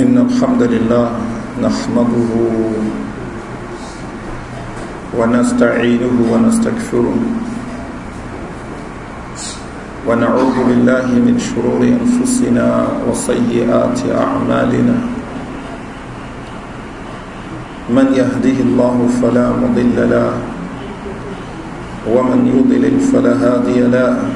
إن الحمد لله نحمده ونستعينه ونستكفره ونعوذ بالله من شرور أنفسنا وسيئات أعمالنا من يهده الله فلا مضل له ومن يضلل فلا هادي له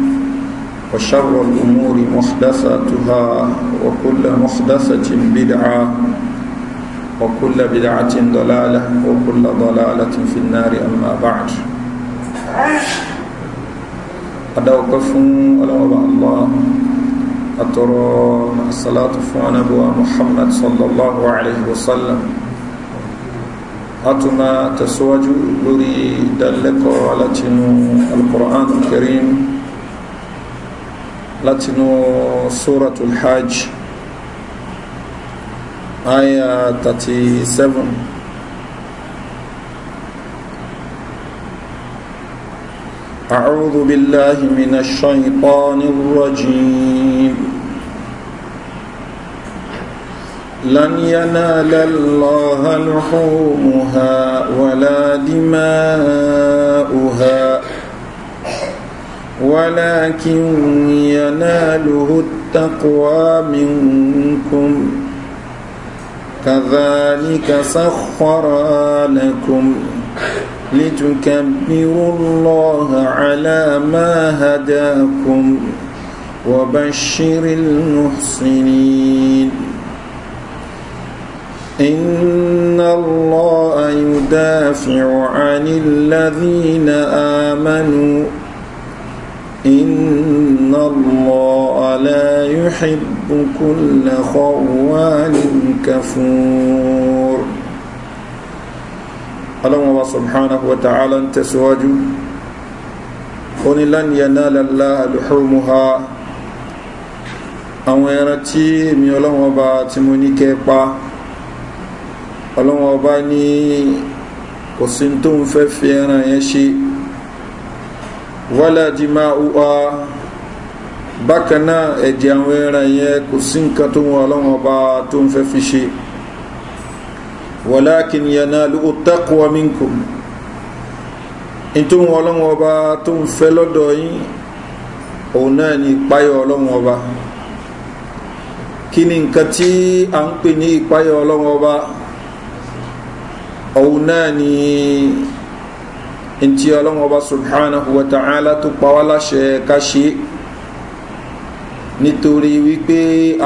وشر الأمور محدثاتها وكل محدثة بدعة وكل بدعة ضلالة وكل ضلالة في النار أما بعد أدوقف الله أترى الصلاة فنبوى محمد صلى الله عليه وسلم أتما تسوج لري دلك ولتن القرآن الكريم látinú سورة hajj آية 37 أعوذ بالله من الشيطان الرجيم لن ينال الله لحومها ولا دماؤها ولكن يناله التقوى منكم كذلك سخر لكم لتكبروا الله على ما هداكم وبشر المحسنين إن الله يدافع عن الذين آمنوا إن الله لا يحب كل خوان كفور الله سبحانه وتعالى تسواجه قل لن ينال الله لحومها àwọn ẹran tí èmi ọlọ́wọ́n ọba tí mo ní kẹ́ pa ọlọ́wọ́n ọba ní kò sí tó ń fẹ́ fi ẹran yẹn ṣe wala dima'uha bákan náà ẹ̀jẹ̀ àwọn ẹran yẹn kò sí nǹkan tó wọn ọlọ́wọ́n ọba tó ń fẹ́ fi ṣe walakin yanaluhu taqwa minkum in tó wọn ọlọ́wọ́n ọba tó ń fẹ́ lọ́dọ̀ yín òun náà ni ìpáyọ̀ ọlọ́wọ́n ọba kí ni nǹkan tí a ń pè ní ìpáyọ̀ ọlọ́wọ́n ọba òun náà ni. Ni ntí ọlọ́wọ́n ọba subhanahu wa ta'ala tó pa wá láṣẹ ká ṣe nítorí wípé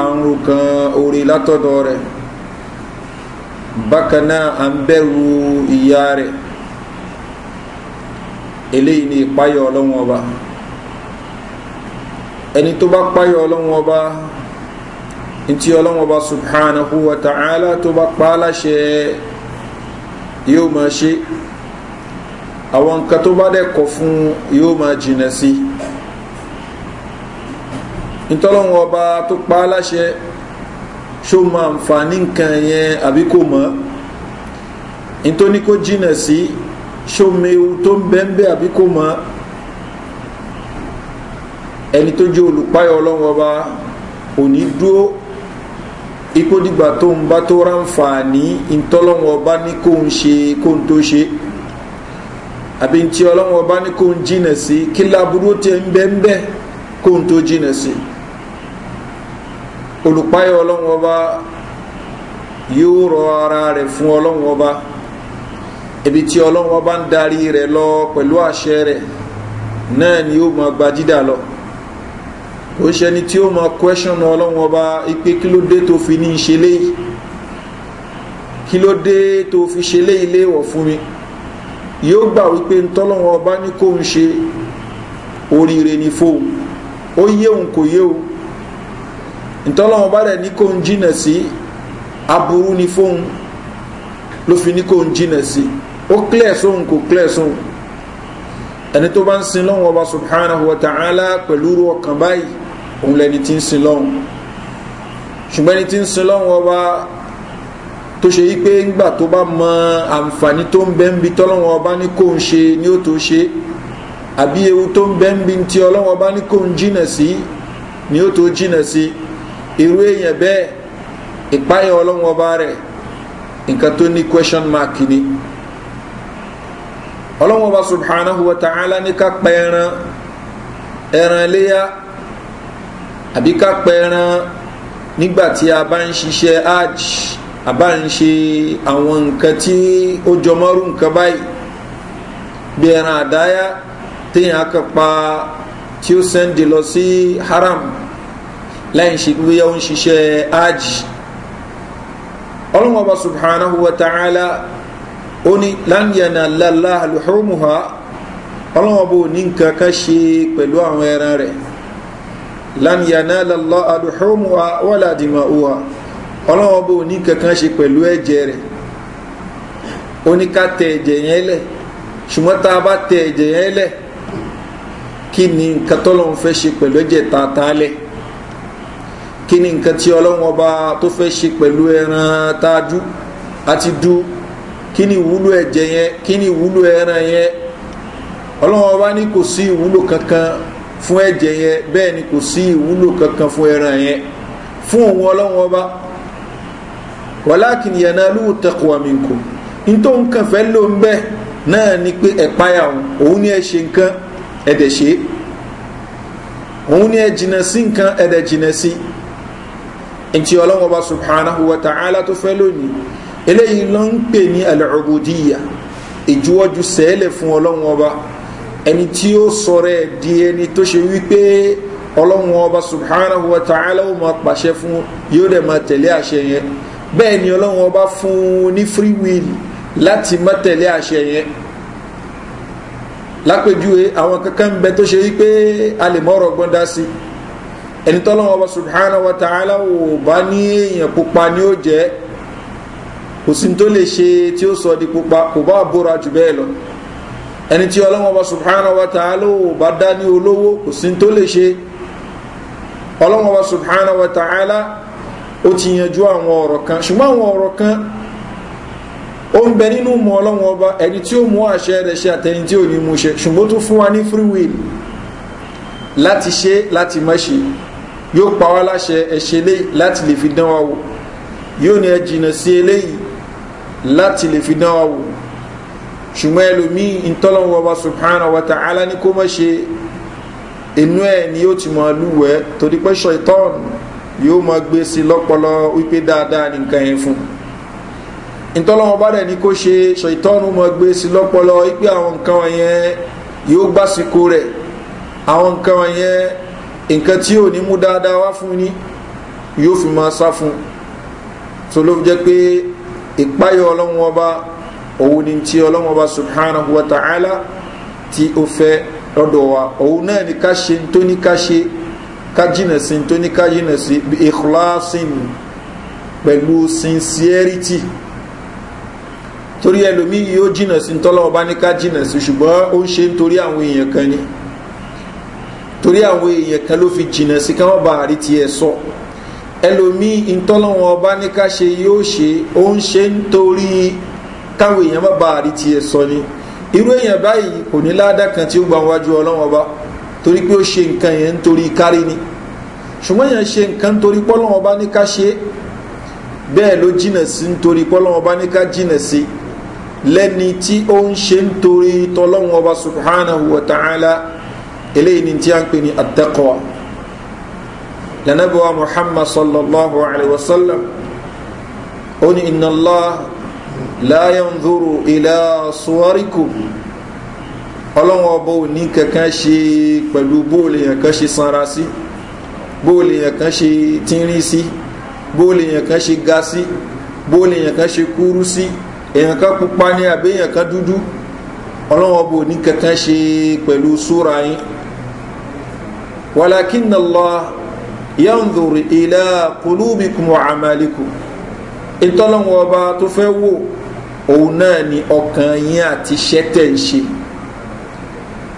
àrùn kan orí látọ̀dọ̀ rẹ̀ bákan náà à ń bẹ̀rù ìyá rẹ̀ eléyìí ni ìpáyọ̀ ọlọ́wọ́n ọba ẹni tó bá páyọ̀ ọlọ́wọ́n ọba ntí ọlọ́wọ́n ọba subhanahu wa ta'ala tó bá pa láṣẹ yóò máa ṣe àwọn nǹkan tó bá dẹ́kọ̀ fún yóò máa jìnà sí ìtọ́lọ́wọ́n ọba tó pa á láṣẹ ṣó máa ń fa ní nǹkan yẹn àbí kò mọ́ ìtọ́ni kó jìnà sí ṣó mewu tó ń bẹ́ńbẹ́ àbí kò mọ́ ẹni tó jẹ́ olùpáyọ̀ ọlọ́wọ́n ọba ò dúró ikú dìgbà tó ń bá tó ráǹfààní ìtọ́lọ́wọ́n ọba ní kó ń ṣe kó ń tó ṣe àbí ntí ọlọ́run ọba ní kò ń jìnà sí kí láburú tẹ ń bẹ́ ń bẹ́ kó ń tó jìnà sí olùpáyọ̀ ọlọ́run ọba yóò rọ ara rẹ̀ fún ọlọ́run ọba ibi tí ọlọ́run ọba ń darí rẹ̀ lọ pẹ̀lú àṣẹ rẹ̀ náà ni yóò máa gba dídà lọ kò ṣe ni tí ó máa kwẹ́sọ̀nù ọlọ́run ọba ipe kí ló dé tó fi ní í kí ló dé tó fi ṣe léyìí fún mi yóò gbà wípé ntọ́lọ́wọ́ ọba ní kó ń ṣe oríire ní fóun ó yé òun kò yé o ntọ́lọ́wọ́ ọba rẹ̀ ní kó ń jìnà sí aburú ní fóun ló fi ní kó ń jìnà sí ó clear sóhun kò clear ẹni tó bá ń sin lọ́wọ́ ọba subhanahu wa ta'ala pẹ̀lú ọkàn báyìí òun lẹni tí ń sin lọ́wọ́ ṣùgbọ́n ẹni tí ń sin lọ́wọ́ ọba tó ṣe yí pé ńgbà tó bá mọ àǹfààní tó ń bẹ́ ń bi tọ́lọ́wọ́n ọba ní kò ń ṣe ni ó tó ṣe àbí ewu tó ń bẹ́ ń bi ti ọlọ́wọ́n ọba ní kò ń jìnà sí ni ó tó jìnà sí irú èèyàn bẹ́ẹ̀ ìpáyà ọlọ́wọ́n ọba rẹ̀ nǹkan tó ní question mark ni ọlọ́wọ́n ọba subhanahu wa ta'ala ní ká pa ẹran ẹran léyà àbí ká pa ẹran nígbà tí a bá ń ṣiṣẹ́ hajj àbá ń ṣe àwọn nǹkan tí ó jọmọ́rú nǹkan báyìí bí ẹran àdáyá téèyàn akọpa tí ó sẹ́ndì lọ sí haram láì ṣe gbé ó ń ṣiṣẹ́ ájì ọlọ́mọba subhanahu wa ta'ala ó ní láńyẹ̀nà lálá àlùhùrùmùhà ọlọ́mọba ò ní nǹkan ká ṣe pẹ̀lú àwọn ẹran rẹ̀ láńyẹ̀nà lálá àlùhùrùmùhà wọ́lá dìmọ̀ òwà. ọlọ́wọ́ bó ní kankan ṣe pẹ̀lú ẹ̀jẹ̀ rẹ̀ ó yẹn lẹ̀ ṣùgbọ́n tá a bá tẹ ẹ̀jẹ̀ yẹn lẹ̀ kí ni nǹkan tọ́lọ́run fẹ́ ṣe pẹ̀lú ẹ̀jẹ̀ tààtà lẹ̀ kí ni nǹkan tí ọlọ́wọ́ bá tó ẹran àti yẹn kí ẹran yẹn ní kò kankan fún ẹ̀jẹ̀ yẹn bẹ́ẹ̀ ni kò sí kankan fún ẹran yẹn fún òun walakin yanalu taqwa minkum nítorí òun kàn fẹ́ ló ń bẹ́ náà ni pé ẹ̀páyà òun ni ẹ ṣe nǹkan ẹ̀dẹ̀ ṣe òun ni ẹ jìnà sí nǹkan ẹ̀dẹ̀ jìnà sí ntí ọlọ́wọ́ bá subhanahu wa ta'ala tó fẹ́ lónìí eléyìí ló ń pè ní al-ubudiyya ìjúwọ́jú sẹ́ẹ̀lẹ̀ fún ọlọ́wọ́ ọba ẹni tí ó sọ̀rọ̀ ẹ̀ di ẹni tó ṣe wípé ọlọ́wọ́ ọba subhanahu wa ta'ala ó máa pàṣẹ fún yóò dẹ̀ máa tẹ̀lé àṣẹ yẹn bẹ́ẹ̀ ni ọlọ́run ọba fún un ní free will láti má tẹ̀lé àṣẹ yẹn lápèjúwe àwọn kankan bẹ tó ṣe wípé a lè mọ̀rọ̀ gbọ́n dá sí ẹni tọ́lọ́run ọba subhanahu wa ta'ala ò bá ní èèyàn pupa ni ó jẹ́ kò sí tó lè ṣe tí ó sọ di pupa kò bá bóra jù bẹ́ẹ̀ lọ ẹni tí ọlọ́run ọba subhanahu wa ta'ala ò bá dá ní olówó kò sí tó lè ṣe ọlọ́run ọba subhanahu wa ta'ala ó ti yanjú àwọn ọ̀rọ̀ kan ṣùgbọ́n àwọn ọ̀rọ̀ kan ó ń bẹ nínú mọ ọlọ́wọ́n ọba ẹni tí ó mú àṣẹ rẹ̀ ṣe àtẹni tí ò ní mú ṣe ṣùgbọ́n tó fún wa ní free will láti ṣe láti má ṣe yóò pa wá láṣẹ ẹ̀ṣẹ̀ lé láti lè fi dán wa wò yóò ní ẹ jìnnà sí eléyìí láti lè fi dán wa wò ṣùgbọ́n ẹlòmíì ìtọ́lọ́wọ́ ọba subhanahu wa ta'ala ní kó má ṣe inú ẹ̀ ni yóò ti máa lúwẹ̀ẹ́ torí pé ṣọ̀tọ́ọ̀nù yóò máa gbé sí lọ́pọlọ wípé dáadáa ní nǹkan yẹn fún ìtọ́lọ́wọ́n bá dẹ̀ ní kó ṣe ṣètọ́nù máa gbé sí lọ́pọlọ wípé àwọn nǹkan yẹn yóò gbásìkò rẹ̀ àwọn nǹkan yẹn nǹkan tí ò ní mú dáadáa wá fún ni yóò fi máa sá fún so ló jẹ́ pé ìpáyọ̀ ọlọ́run ọba òun ni ti ọlọ́run ọba subhanahu wa ta'ala tí ó fẹ́ lọ́dọ̀ wa òun náà ní ká ṣe tó ní ká ṣe ká jìnà sí tó ní ká jìnà sí ikhlasin pẹ̀lú sincerity torí ẹlòmí yóò jìnà sí tọ́lọ́wọ́ bá ní ká jìnà sí ṣùgbọ́n ó ń ṣe torí àwọn èèyàn kan ni torí àwọn èèyàn kan ló fi jìnà sí káwọn bá àrí tiẹ̀ sọ ẹlòmí ìtọ́lọ́wọ́ bá ní ká ṣe yóò ṣe ó ń ṣe nítorí káwọn èèyàn má bá àrí tiẹ̀ sọ ni irú èèyàn báyìí kò ní ládàá kan tí ó gba wájú ọlọ́wọ́ bá torí pé ó ṣe nǹkan yẹn nítorí kárí ni ṣùgbọ́n yẹn ṣe nǹkan nítorí pọ́lọ́wọ́n bá ní ká ṣe bẹ́ẹ̀ ló jìnà sí nítorí pọ́lọ́wọ́n bá ní ká jìnà sí lẹ́ni tí ó ń ṣe nítorí tọ́lọ́wọ́n ọba subhanahu wa ta'ala eléyìí ni tí a ń pè ní àtẹ́kọ̀ọ́ lẹ́nàbíwá muhammad sallallahu alayhi wa sallam ó ní iná láàyàn dúró ilá suwarikum ọlọ́wọ́n ọba ò ní kankan ṣe pẹ̀lú bóòlù yẹn kan ṣe sanra sí bóòlù yẹn kan ṣe tínrín sí bóòlù yẹn kan ṣe ga sí bóòlù yẹn kan ṣe kúrú sí èèyàn kan pupa ní àbí èèyàn kan dúdú ọlọ́wọ́n ọba ní kankan ṣe pẹ̀lú súra yín walakin allah yanzuru ila kulubikum wa amalikum ìtọ́lọ́wọ́n ọba tó fẹ́ wò òun náà ni ọkàn yín àti iṣẹ́ ń ṣe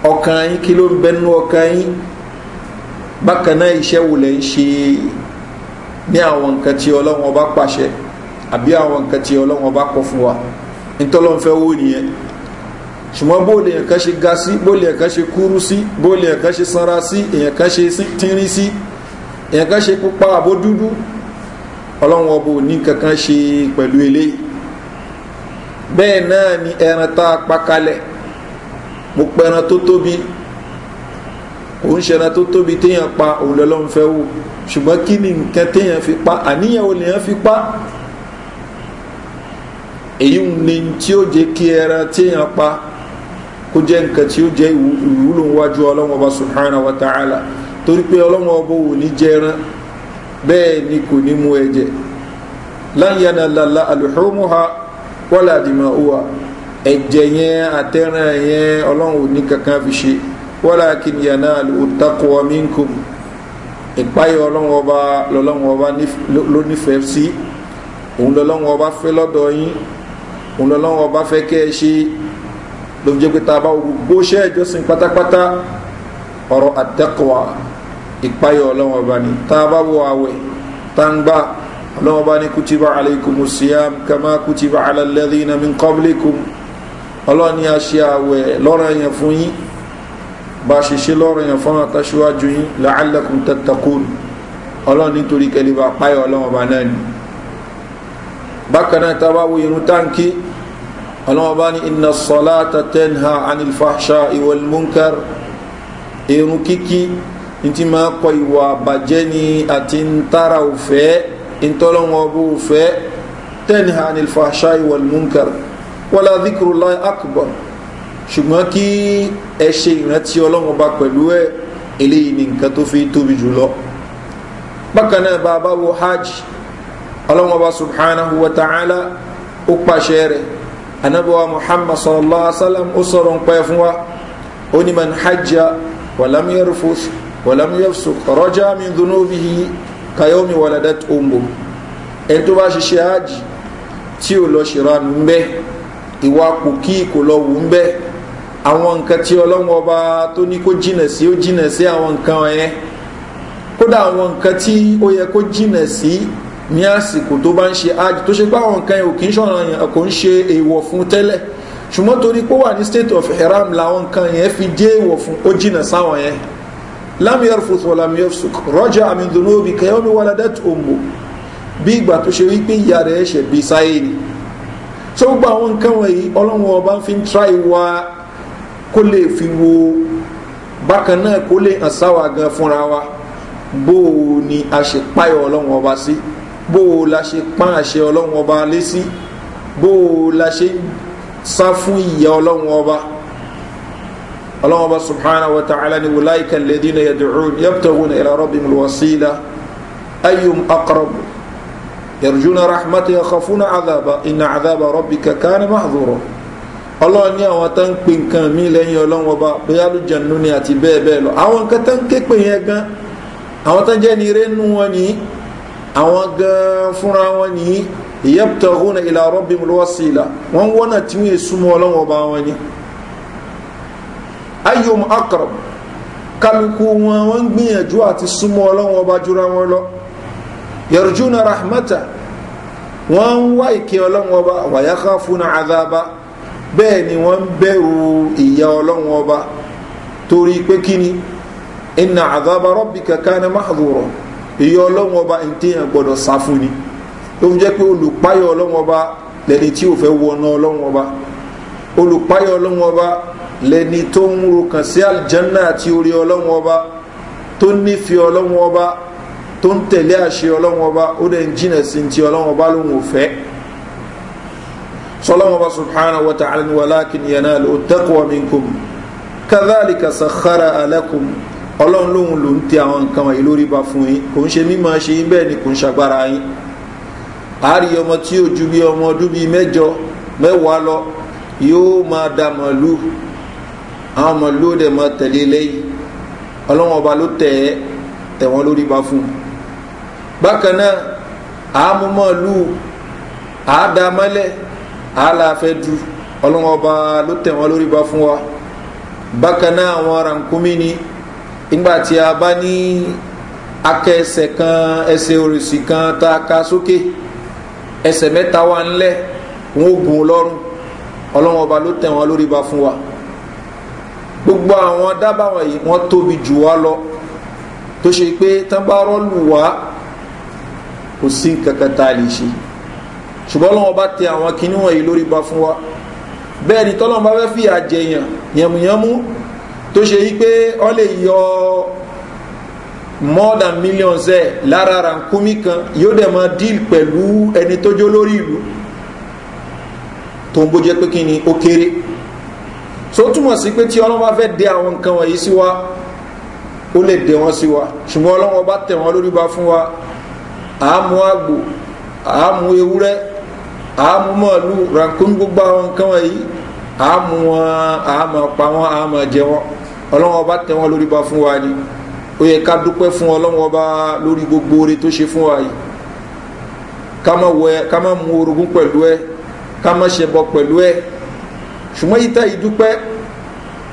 ọkàn yín kí ló ń bẹnu ọkàn yín bákan náà iṣẹ́ wò lẹ́ ń ṣe ní àwọn nǹkan tí ọlọ́run ọba pàṣẹ àbí àwọn nǹkan tí ọlọ́run ọba kọ fún wa nítọ́lọ́run fẹ́ wò nìyẹn ṣùgbọ́n bóòlù èèyàn kan ṣe ga sí bóòlù èèyàn kan ṣe kúrú sí bóòlù èèyàn kan ṣe sanra sí èèyàn kan ṣe tínrín sí èèyàn kan ṣe pupa àbó dúdú ọlọ́run ọba ò ní kankan ṣe pẹ̀lú eléyìí bẹ́ẹ̀ náà ni ẹran tá a pa kalẹ̀ mo pẹran tó tóbi ò ń ṣẹran tó tóbi téèyàn pa òun lọ́lọ́run fẹ́ wò ṣùgbọ́n kí ni nǹkan téèyàn fi pa àníyàn ò lèèyàn fi pa èyí ni tí ó jẹ́ kí ẹran téèyàn pa kó jẹ́ nǹkan tí ó jẹ́ ìwúlò wájú ọlọ́run ọba subhanahu wa ta'ala torí pé ọlọ́run ọba ò ní jẹ bẹ́ẹ̀ ni kò ní mú ẹ̀jẹ̀ láyé náà lálá àlùhùmùhà wọ́lá àdìmọ̀ òwà ẹ̀jẹ̀ yẹn àtẹ́ràn yẹn ọlọ́run ò ní kankan fi ṣe walakin yanalu taqwa minkum ìpáyọ̀ ọlọ́run ọba lọ́lọ́run ọba ló nífẹ̀ẹ́ sí òun lọ́lọ́run ọba fẹ́ lọ́dọ̀ yín òun lọ́lọ́run ọba fẹ́ kẹ́ ẹ ṣe ló jẹ́ pé tàbá gbogbo iṣẹ́ ìjọsìn pátápátá ọ̀rọ̀ àtẹ́kọ̀wà ìpáyọ̀ ọlọ́run ọba ni tàbá wo àwẹ̀ tàǹgbà ọlọ́run ọba ní kutiba alaykumus siyam kama kutiba ala alladhina min qablikum ọlọ́run ni a ṣe àwẹ̀ lọ́rọ̀ yẹn fún yín bá ṣe ṣe lọ́rọ̀ yẹn fún àtàṣíwájú yín làálẹ̀kùn tẹ́tàkùn ọlọ́run nítorí kẹlẹ́bà páyọ̀ ọlọ́run ọba náà ni bákan náà tábà wo irun táǹkì ọlọ́run ọba ní iná sọlá tẹ́tẹ́nha anilfàṣà ìwọlmúnkar irun kíkí ntí máa kọ ìwà àbàjẹ́ ni àti ntara òfẹ́ ntọ́lọ́run ọba òfẹ́ tẹ́nha anilfàṣà ìwọlmúnkar wala dhikrullahi akbar ṣùgbọ́n kí ẹ ṣe ìrántí ọlọ́run ọba pẹ̀lú ẹ eléyìí ni nǹkan tó fi tóbi jùlọ bákan náà bàbá wo hajj ọlọ́run ọba subhanahu wa ta'ala ó pàṣẹ rẹ̀ anabiwa muhammad sallallahu alaihi wa sallam ó sọ̀rọ̀ ń pẹ́ fún wa ó ní man hajja wàlám yarfus wàlám yafsu rọjá min dunubihi kayomi waladat umbu ẹni tó bá ṣiṣẹ́ hajj tí ò lọ ṣèrànú ń bẹ́ẹ̀ ìwà kò kí kò lọ wù ń bẹ́ àwọn nǹkan tí ọlọ́run ọba tó ní kó jìnà sí ó jìnà sí àwọn nǹkan yẹn kódà àwọn nǹkan tí ó yẹ kó jìnà sí ní àsìkò tó bá ń ṣe ájì tó ṣe pé àwọn nǹkan ò kì í ṣọ̀ràn yẹn kò ń ṣe èèwọ̀ fún tẹ́lẹ̀ ṣùgbọ́n torí pé ó wà ní state of haram làwọn nǹkan yẹn fi dé èèwọ̀ fún ó jìnà sáwọn yẹn lam yarfuth wa lam yafsuk raja min dhunubi ka waladat ummu bí ìgbà tó ṣe wípé ìyá rẹ̀ ṣẹ̀ bí sáyé ni so gbogbo àwọn nǹkan wọ̀nyí ọlọ́run ọba fi ń tra ìwà kó lè fi wo bákan náà kó lè hàn sáwà gan fúnra wa bó o ni a ṣe páyọ̀ ọlọ́run ọba sí bó o la ṣe pán àṣẹ ọlọ́run ọba lé sí bó o la ṣe sá fún ìyá ọlọ́run ọba ọlọ́run ọba subhanahu wa ta'ala ni wùláìkà lẹ́dínà yẹ̀dùrún yẹ́pùtàwọn ìlà rọ́bìmùlùwàsílà ayùm akọrọ̀bù yẹrùjúnà rahmatu yakhafuna azaba inna azaba rabbika kana mahdhura ọlọ́run ní àwọn tó ń pe nǹkan mi lẹ́yìn ọlọ́run ọba bóyá lùjẹ̀nu ni àti bẹ́ẹ̀ bẹ́ẹ̀ lọ àwọn nǹkan tó ń ké pè yẹn gan àwọn tó ń jẹ́ ni eré nù wọn nìyí gan fúnra wọn nìyí ìyẹ́pùtàhùnà ìlà rọ́bì lọ́wọ́sílà wọ́n wọ́nà tí wọ́n súnmọ́ ọlọ́wọ́ bá wọn ni ayyom akram kálukú wọn wọ́n gbìyànjú àti súnmọ́ ọlọ́wọ́ bá jura wọn lọ́wọ́ yarjuna rahmata wọ́n ń wá ìkẹ́ ọlọ́run ọba wàyáká fún àdába bẹ́ẹ̀ ni wọ́n ń bẹ̀rù ìyá ọlọ́run ọba torí pé kí ni iná àdába rọ́bì kankan ní mahadúrọ̀ ìyá ọlọ́run ọba ń téèyàn gbọ́dọ̀ sá fún ni ó fi jẹ́ pé olùpáyọ̀ ọlọ́run ọba lẹni tí ò fẹ́ wọná ọlọ́run ọba olùpáyọ̀ ọlọ́run ọba lẹni tó ń rokàn sí àlìjánná àti orí ọlọ́run ọba tó nífẹ̀ẹ́ ọlọ́run ọba tó ń tẹ̀lé àṣẹ ọlọ́run ọba ó dẹ̀ ń jìnà sí ti ọlọ́run ọba ló ń wò fẹ́ sọlọ́run ọba subhanahu wa ta'ala ni wàlákin yana ló tẹ́kọ̀ọ́ mi kò mú kazalika sàkárà alẹ́kùn ọlọ́run lóhun ló ń tẹ àwọn nǹkan wọ̀nyí lórí ba fún yín kò ń ṣe mímọ ṣe yín bẹ́ẹ̀ ni kò ń ṣàgbára yín àárí ọmọ tí ó ju bí ọmọ ọdún bíi mẹ́jọ mẹ́wàá lọ yóò máa da màlúù àwọn màlúù dẹ̀ máa tẹ̀lé lẹ́yìn ọlọ́run ló tẹ̀ ẹ́ tẹ̀wọ́n lórí ba fún un bákan náà àámúmọ́lù àádámọ́lẹ̀ àálàáfẹ́dù ọlọ́wọ́n ọba ló tẹ̀ wọ́n lórí bá fún wa bákan náà àwọn arankumi ni nígbà tí a bá ní akẹ́ẹsẹ̀ kan ẹsẹ̀ òrìṣì kan tá a ka sókè ẹsẹ̀ mẹ́ta wà ńlẹ̀ wọn gùn lọ́rùn ọlọ́wọ́n ọba ló tẹ̀ wọ́n lórí bá fún wa gbogbo àwọn dábàá wọ̀nyí wọ́n tóbi jù wá lọ tó ṣe pé tán bá rọ́ọ̀lù wá kò sí kankan tá a lè ṣe ṣùgbọ́n lọ́wọ́ bá tẹ àwọn kinní wọ̀nyí lórí bá fún wa bẹ́ẹ̀ ni tọ́lọ́wọ́ bá fẹ́ fi àjẹyàn yẹmúyẹmú tó ṣe yí pé ọ lè yọ more than millions ẹ̀ lára rankumi kan yóò dẹ̀ mọ deal pẹ̀lú ẹni tó jó lórí ìlú tó ń bó pé kí ni ó kéré so túmọ̀ sí pé tí ọlọ́wọ́ bá fẹ́ dẹ àwọn nǹkan wọ̀nyí sí wa ó lè dẹ wọn sí wa ṣùgbọ́n ọlọ́wọ́ bá tẹ̀ wọn lórí bá fún wa àámu àgbò àámu ewúrẹ́ àámu mọ̀ọ́lù rankun gbogbo àwọn nǹkan wọ̀nyí àámu wọn àámu pa wọn àámu jẹ wọn ọlọ́wọ́n ọba tẹ wọn lórí ba fún wa ni ó yẹ ká dúpẹ́ fún ọlọ́wọ́n ọba lórí gbogbo oore tó ṣe fún wa yìí ká má wẹ ká má mu orogún pẹ̀lú ẹ ká má ṣe pẹ̀lú ẹ ṣùgbọ́n yìí tá yìí dúpẹ́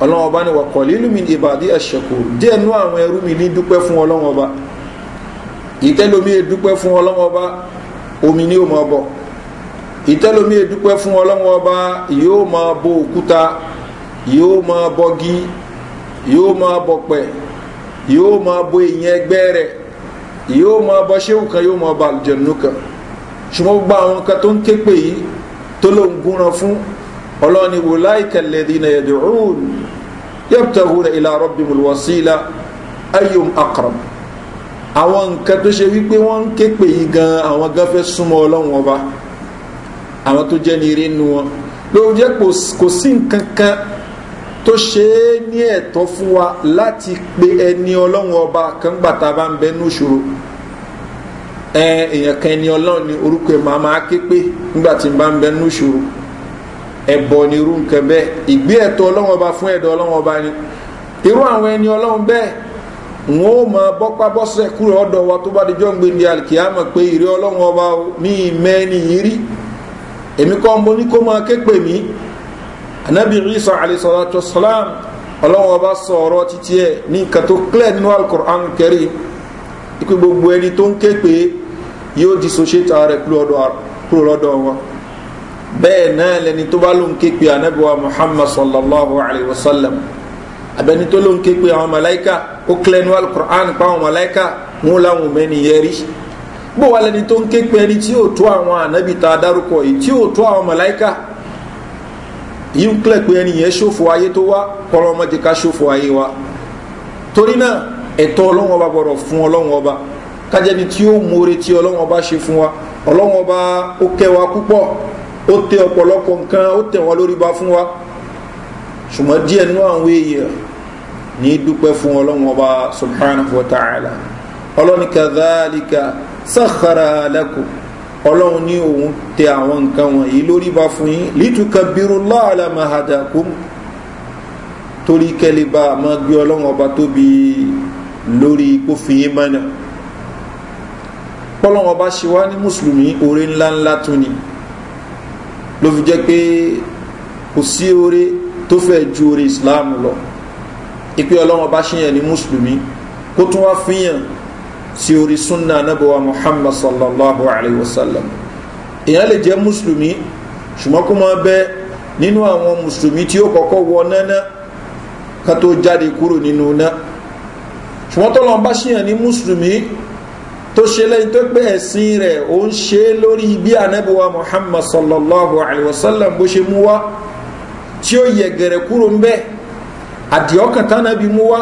ọlọ́wọ́n ọba ni wà kọ̀ọ̀lì lùmí ìbàdí ẹ̀ṣẹ̀kù díẹ̀ nú àwọn ẹrú mi ní dúpẹ́ fún ọlọ́wọ́n ọba ìtẹ́lómi èdúpẹ́ fún ọlọ́wọ́ ọba omi ni ó mọ bọ ìtẹ́lómi èdúpẹ́ fún ọlọ́wọ́ ọba yóò mọ bọ òkúta yóò mọ bọgi yóò mọ bọpẹ yóò mọ bọ èèyàn ẹgbẹ́ rẹ̀ yóò mọ bọ ṣéwù kan yóò mọ bọ àlùjẹ̀nu kan ṣùgbọ́n gbogbo àwọn kan tó ń ké pè yìí tó ló ń gúnran fún ọlọ́ni wò láìka lẹ́dínà yẹ̀dùrún yẹ́pùtàhùn ìlà rọ́bìmùlùwọ̀síla ayọ̀m akram àwọn nǹkan tó ṣe wípé wọ́n ń ké pè yìí gan àwọn gan fẹ́ súnmọ́ ọlọ́run ọba àwọn tó jẹ́ ní eré nu wọn ló jẹ́ kò sí nǹkan kan tó ṣe é ní ẹ̀tọ́ fún wa láti pe ẹni ọlọ́run ọba kan gbàtà bá ń bẹ ní òṣòro èèyàn kan ẹni ọlọ́run ni orúkọ ẹ̀ máa máa ké pé nígbà tí n bá ń bẹ ní òṣòro ẹ̀bọ̀ ni irú nǹkan bẹ́ẹ̀ ìgbé ẹ̀tọ́ ọlọ́run ọba fún ẹ̀dọ̀ ọlọ́run ọba ni irú àwọn ẹni ọlọ́run bẹ́ẹ̀ wọn ó mọ bọ́pá bọ́sẹ̀ kúrò ọ̀dọ̀ wa tó bá di jọ́ ń gbé ní alikiyama pé ìrẹ́ ọlọ́run ọba mi mẹ́ni yìí rí èmi kọ́ mo ní kó máa ké pè mí anabi isa alayhisalatu salam ọlọ́run ọba sọ̀rọ̀ títí ẹ̀ ní nǹkan tó clear nínú alukur'an kẹrì ipe gbogbo ẹni tó ń ké pè yóò dissociate rẹ̀ kúrò lọ́dọ̀ wọn bẹ́ẹ̀ náà lẹni tó bá lóun ké pè anabi wa muhammad sallallahu alayhi wa sallam abẹni tó ló ń ké pé àwọn mọ̀láìkà ó kílẹ̀nu alukur'an pa àwọn mọ̀láìkà wọn làwọn mẹ́ni yẹn rí bó wà lẹni tó ń ké pé ẹni tí yóò tó àwọn ànábì tá a dárúkọ yìí tí yóò tó àwọn mọ̀láìkà yìí ń kílẹ̀ pé ẹni yẹn ṣòfò ayé tó wá kọ́lọ́ ọmọdé ká ṣòfò ayé wa torí náà ẹ̀tọ́ ọlọ́wọ́n ọba gbọ́dọ̀ fún ọlọ́wọ́n ọba kájẹ́ni tí ó mórè tí ọlọ́wọ́n ọba ṣe fún wa ọlọ́wọ́n ọba ó ní dúpẹ́ fún ọlọ́run ọba subhanahu wa ta'ala ọlọ́run kadhalika sakhara lakum ọlọ́run ní òun tẹ àwọn nǹkan wọ̀nyí lórí bá fún yín litukabbiru llaha ala ma hadakum torí kẹ́lẹ́ bá a máa gbé ọlọ́run ọba tóbi lórí kó fi yín mọ́nà ọlọ́run ọba ṣe wá ní mùsùlùmí oore ńláńlá tún ni ló fi jẹ́ pé kò sí oore tó fẹ́ ju oore islam lọ ipe ọlọ́wọ́n bá ṣíyàn ní mùsùlùmí kó tún wá fíyàn sí orí sunna anábọ̀wá muhammad sallallahu alayhi wa sallam èèyàn lè jẹ́ mùsùlùmí ṣùgbọ́n kó máa bẹ nínú àwọn mùsùlùmí tí ó kọ́kọ́ wọ náná ká tó jáde kúrò nínú náà ṣùgbọ́n tó lọ́n bá ṣíyàn ní mùsùlùmí tó ṣe lẹ́yìn tó pé ẹ̀sìn rẹ̀ ó ń ṣe lórí bí anábọ̀wá muhammad sallallahu alayhi wa sallam bó ṣe mú wá tí ó yẹ gẹ̀rẹ̀ kúrò ń bẹ́ẹ̀ àdìọ́kàn tánàbí mú wa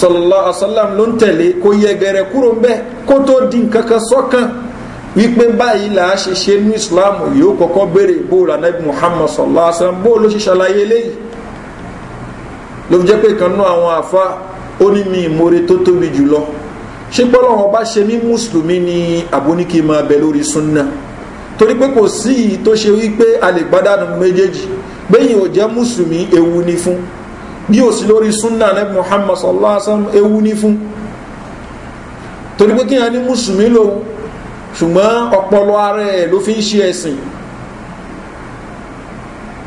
sallallahu alaihi wasallam ló ń tẹ̀lé kò yẹgẹrẹ kúrò ń kó tó di nǹkan kan sọ́kàn wípé báyìí là á ṣe ṣe ní islam yóò kọ́kọ́ béèrè bóòlù anabi muhammad sallallahu alaihi wasallam bóòlù ṣe ṣàlàyé léyìí ló fi jẹ́ pé kan náà àwọn àfa ó ni àbóníkì máa lórí torí pé kò sí tó ṣe wípé ewu ni fún bí ò sí lórí súnà nẹ́bí muhammad sallallahu alaihi wasallam ewu ní fún torí pé kí hàn ní mùsùlùmí lòun ṣùgbọ́n ọpọlọ ara ẹ̀ ló fi ń ṣe ẹ̀sìn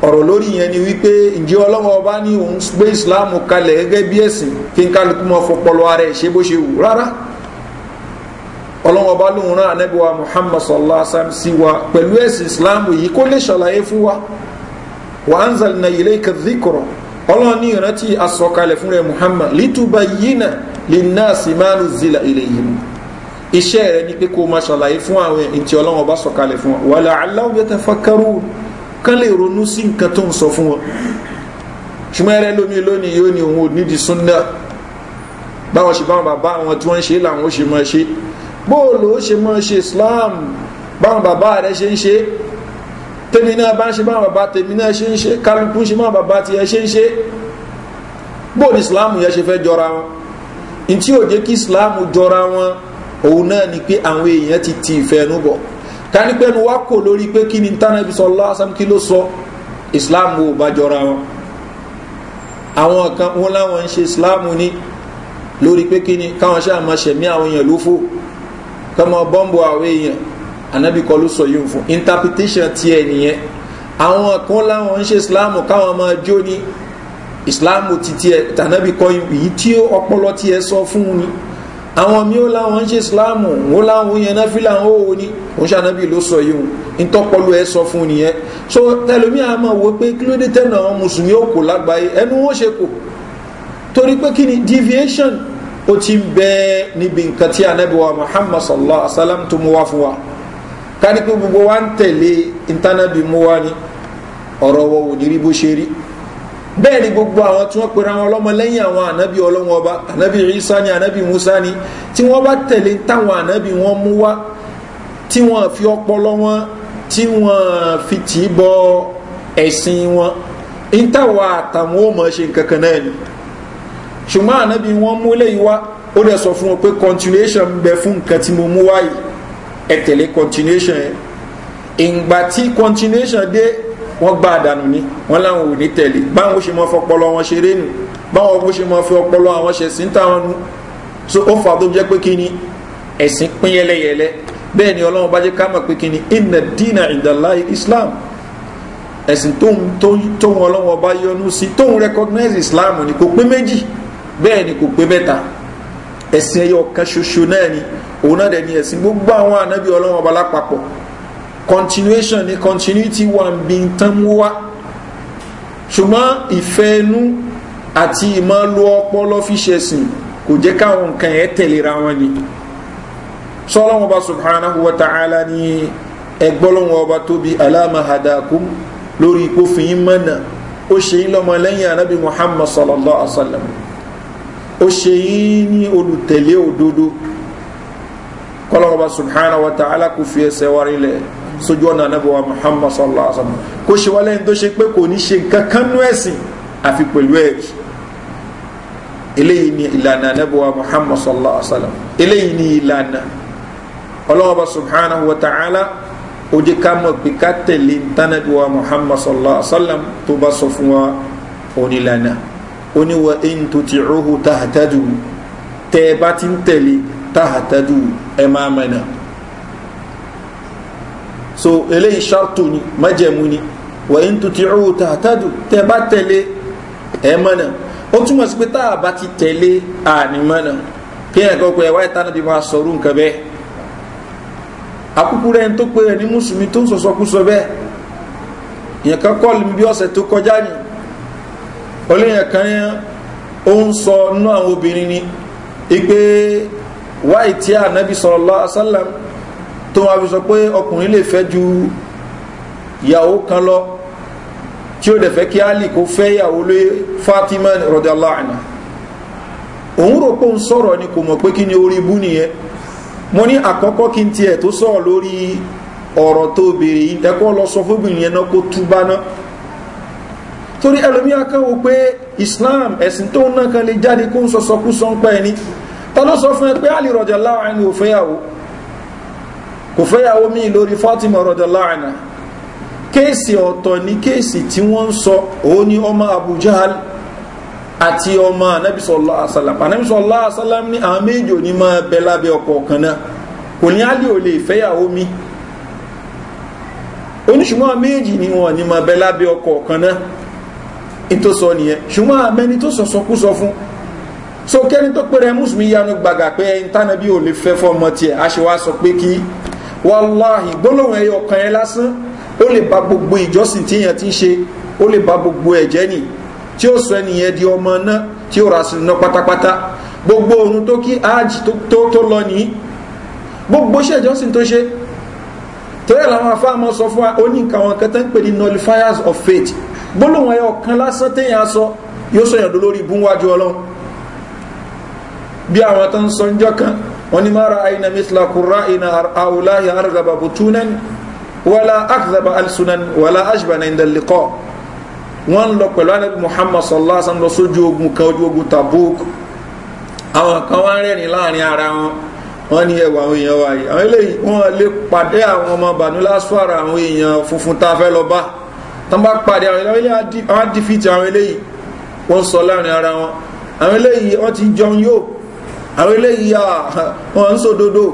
ọ̀rọ̀ lórí yẹn ni wípé ǹjẹ́ ọlọ́wọ́ ọba ní òun gbé ìsìláàmù kalẹ̀ gẹ́gẹ́ bí ẹ̀sìn kí n kálukú mọ́ fọpọlọ ara ẹ̀ ṣe bó ṣe wù rárá ọlọ́wọ́ ọba lóun rán anábíwá muhammad sallallahu alaihi sí wa pẹ̀lú ẹ̀sìn ìsìláàmù yìí kó lè ṣàlàyé fún wa wà á ń zàlìnà ilé kàdíkọ̀rọ̀ ọlọ́run ní ìrántí asọ̀kalẹ̀ fún rẹ̀ muhammad lítúbà yínà lè náà sì máa ń zila ilé yìí iṣẹ́ rẹ̀ ni pé kó máa ṣàlàyé fún àwọn èèyàn tí ọlọ́run bá sọ̀kalẹ̀ fún wọn wàlá aláwọ̀ tẹ fakaru kán lè ronú sí nǹkan tó ń sọ fún wọn ṣùgbọ́n ẹrẹ́ lómi lónìí yóò ní òun ò nídìí súnná báwọn ṣe báwọn bàbá àwọn tí wọ́n ṣe làwọn ó ṣe máa ṣe bóòlù ó ṣe máa ṣe islam báwọn bàbá rẹ̀ ṣe ń ṣe tèmi náà bá ń ṣe bá bàbá tèmi náà ṣe ń ṣe kálukú ń ṣe má bàbá tiẹ̀ ṣe ń ṣe bó ní islam yẹn ṣe fẹ́ jọra wọn n tí ò jẹ́ kí islam jọra wọn òun náà ni pé àwọn èèyàn ti ti ìfẹ́nu bọ̀ kánípẹ́nu wá kò lórí pé kí ni tánàbí sọ lásán kí ló sọ islam ò bá jọra wọn àwọn kan wọn láwọn ń ṣe islam ní lórí pé kí ni káwọn ṣáà máa ṣẹ̀mí àwọn èèyàn lófò ká máa àwọn èèyàn anabi kọ́ sọ yìí fún interpretation tiẹ̀ nìyẹn àwọn kan láwọn ń ṣe islam káwọn máa jó ni islam ti tiẹ̀ tànàbí kọ́ yìí tí ọpọlọ tiẹ̀ sọ fún ni àwọn mi láwọn ń ṣe islam ó láwọn yẹn náà fi láwọn ó ní òun ṣànábì ló sọ yìí ń tọpọlọ ẹ sọ fún nìyẹn so ẹlòmíà máa wọ pé kí ló dé tẹ́nà àwọn mùsùlùmí ó kò lágbàáyé ẹnu wọn ṣe kò torí pé kí ni deviation ó ti ń níbi nǹkan tí anábìwá muhammad sallallahu alaihi wa sallam tó mú wá fún wa kani ní pé gbogbo wa ń tẹ̀lé ìtànàbí mú wa ni ọ̀rọ̀ wọ ò ní rí bó ṣe rí bẹ́ẹ̀ ni gbogbo àwọn tí wọ́n pera wọn lọ́mọ lẹ́yìn àwọn ànábì ọlọ́wọ́n ọba ànábì isa ni ànábì musa ni tí wọ́n bá tẹ̀lé táwọn ànábì wọn mú wá tí wọ́n fi ọpọlọ wọn tí wọ́n fi tì í bọ ẹ̀sìn wọn ìtàwọn àtàwọn ò mọ̀ ṣe nǹkan náà ni ṣùgbọ́n ànábì wọn mú lẹ́yìn wá ó dẹ̀ sọ fún wọn pé continuation ń bẹ fún nǹkan tí mo mú wá yìí ẹ tẹ̀lé continuation yẹn ìgbà tí continuation dé wọ́n gbá àdànù ni wọ́n láwọn ò ní tẹ̀lé báwọn ó ṣe mọ́ fọpọlọ wọn ṣeré nù báwọn ó ṣe mọ́ fi ọpọlọ àwọn ṣe sí táwọn nu so ó fà tó jẹ́ pé kí ni ẹ̀sìn pín yẹlẹyẹlẹ bẹ́ẹ̀ ni ọlọ́run bá jẹ́ ká mọ̀ pé kí ni inna dina ìdàlá islam ẹ̀sìn tóun ọlọ́run ọba yọ́nú sí tóun recognize islam ni kò pé méjì bẹ́ẹ̀ ni kò pé mẹ́ta ẹ̀sìn ẹyọ kan ṣoṣo náà ni òun náà dẹ̀ ni ẹ̀sìn gbogbo àwọn ànábì ọlọ́wọ́n ọba lápapọ̀ continuation ni continuity wà ń bi tán mú wá ṣùgbọ́n ìfẹ́ inú àti ìmọ̀ lo ọpọlọ fi ṣẹ̀sìn kò jẹ́ káwọn nǹkan ẹ̀ tẹ̀lera wọn ni sọ́lọ́wọ́n ọba subhanahu wa ta'ala ni ẹgbọ́lọ́wọ́n ọba tóbi alámahadakum lórí ìpòfin mọ́nà ó ṣe ń lọ́mọ lẹ́yìn anábì muhammad sallallahu alaihi wa sallam ó ṣe yín ní olùtẹ̀lé òdodo kọlọ́ọ̀bá subhanahu wa ta'ala kò fi ẹsẹ̀ wa rí lẹ̀ sójú ọ̀nà anábọ̀wá muhammad sallallahu alaihi wa sallam kó ṣe wálé tó ṣe pé kò ní ṣe nǹkan kan nú ẹ̀sìn àfi pẹ̀lú ẹ̀rí eléyìí ni ìlànà anábọ̀wá muhammad sallallahu alaihi wa sallam eléyìí ni ìlànà ọlọ́ọ̀bá subhanahu wa ta'ala ó jẹ́ ká mọ̀ pé ká tẹ̀lé ntánàbọ̀wá muhammad sallallahu alaihi wa sallam tó bá sọ fún wa onílànà oníwọ̀ ẹ̀ǹtòtì ọ̀hún tàhátàdù tẹ́ ẹ bá ti ń tẹ̀lé tàhátàdù ẹ máa mẹ́nà so eléyìí ṣàtò ni májẹ̀mú ni wọ̀ ẹ̀ǹtòtì ọ̀hún tàhátàdù tẹ́ ẹ bá tẹ̀lé ẹ mẹ́nà ó túmọ̀ sí pé tá a bá ti tẹ̀lé àní mẹ́nà kí ẹ̀ kọ́ pé ẹ̀ wáyé tánà bí máa sọ̀rọ̀ nǹkan bẹ́ẹ̀ akúkú rẹ̀ ń tó pé ẹ̀ mùsùlùmí tó ń sọ̀sọ́kú sọ bẹ́ẹ̀ ìyẹn kan kọ́ lùmí bí ọ̀sẹ̀ tó kọjá yìí olóyìn kan ní ó ń sọ nínú àwọn obìnrin ni ipe wáì tí ànábì sọ̀rọ̀ lọ asálàm tó wọn fi sọ pé ọkùnrin lè fẹ́ ju ìyàwó kan lọ tí ó dẹ̀ ali kó fẹ́ ìyàwó lé fatima rọ̀dàlá àná òun rò pé òun sọ̀rọ̀ ni kò mọ̀ pé kí ni orí bú nìyẹn mo ní àkọ́kọ́ kí n tiẹ̀ tó sọ̀rọ̀ lórí ọ̀rọ̀ tó torí ẹlòmíà kan wò pé islam ẹ̀sìn tó náà kan lè jáde kó ń sọsọ kú sọ ń pẹ́ ẹni ta ló sọ fún ẹ pé àlè rọ̀jà láàrin ò fẹ́yàwó kò fẹ́yàwó míì lórí fatima rọ̀jà láàrin kéèsì ọ̀tọ̀ ní kéèsì tí wọ́n ń sọ òun ni ọmọ abuja àti ọmọ anábìsọ̀lá àsálàm anábìsọ̀lá àsálàm ní àwọn méjì ò ní máa bẹ lábẹ́ ọkọ̀ oníṣùgbọ́n méjì ni wọn ní máa bẹ lábẹ́ ọkọ̀ kan náà ìtò sọ nìyẹn ṣùgbọ́n àmẹ́ni tó sọ̀sọ̀ kú sọ fún so kẹ́ni tó pèrè mùsùlùmí yanu gbàgà pé ẹni tánà bí ò lè fẹ́ fọ́ ọmọ tiẹ̀ a ṣe wá sọ pé kí wàláhì gbólóhùn ẹyọ kan ẹ lásán ó lè ba gbogbo ìjọsìn tí èèyàn ti ń ṣe ó lè ba gbogbo ẹ̀jẹ̀ nì tí ó sọ ẹnìyẹn di ọmọ náà tí ó ra sínú náà pátápátá gbogbo òun tó kí áàjì tó lọ nìyí gbogbo ṣe ìjọsìn tó ṣe torí àwọn afáàmọ́ sọ fún wa ó ní nǹkan àwọn kẹta ń pè ní nullifiers of faith gbólóhùn ẹyọ kan lásán téèyàn sọ yóò sọ yàdó lórí ibú wájú ọlọ́run bí àwọn tó ń sọ ń jọ kan wọn ni mara aina misla kura ina awulahi argaba butunan wala akzaba alsunan wala ashbana indalikọ wọn lọ pẹ̀lú anabi muhammad sallallahu alaihi wa lọ sójú ogun kan ojú ogun tabuk àwọn kan wá rẹ́rìn láàrin ara wọn wọ́n ní ẹwà àwọn èèyàn wáyé àwọn eléyìí wọ́n lè pàdé àwọn ọmọ bànúlá sọ́ra àwọn èèyàn funfun tá a fẹ́ lọ bá tán bá pàdé àwọn eléyìí àwọn adìfìtì àwọn eléyìí wọ́n ń sọ láàrin ara wọn àwọn eléyìí wọ́n ti jọun yóò àwọn eléyìí wọ́n ń sòdodo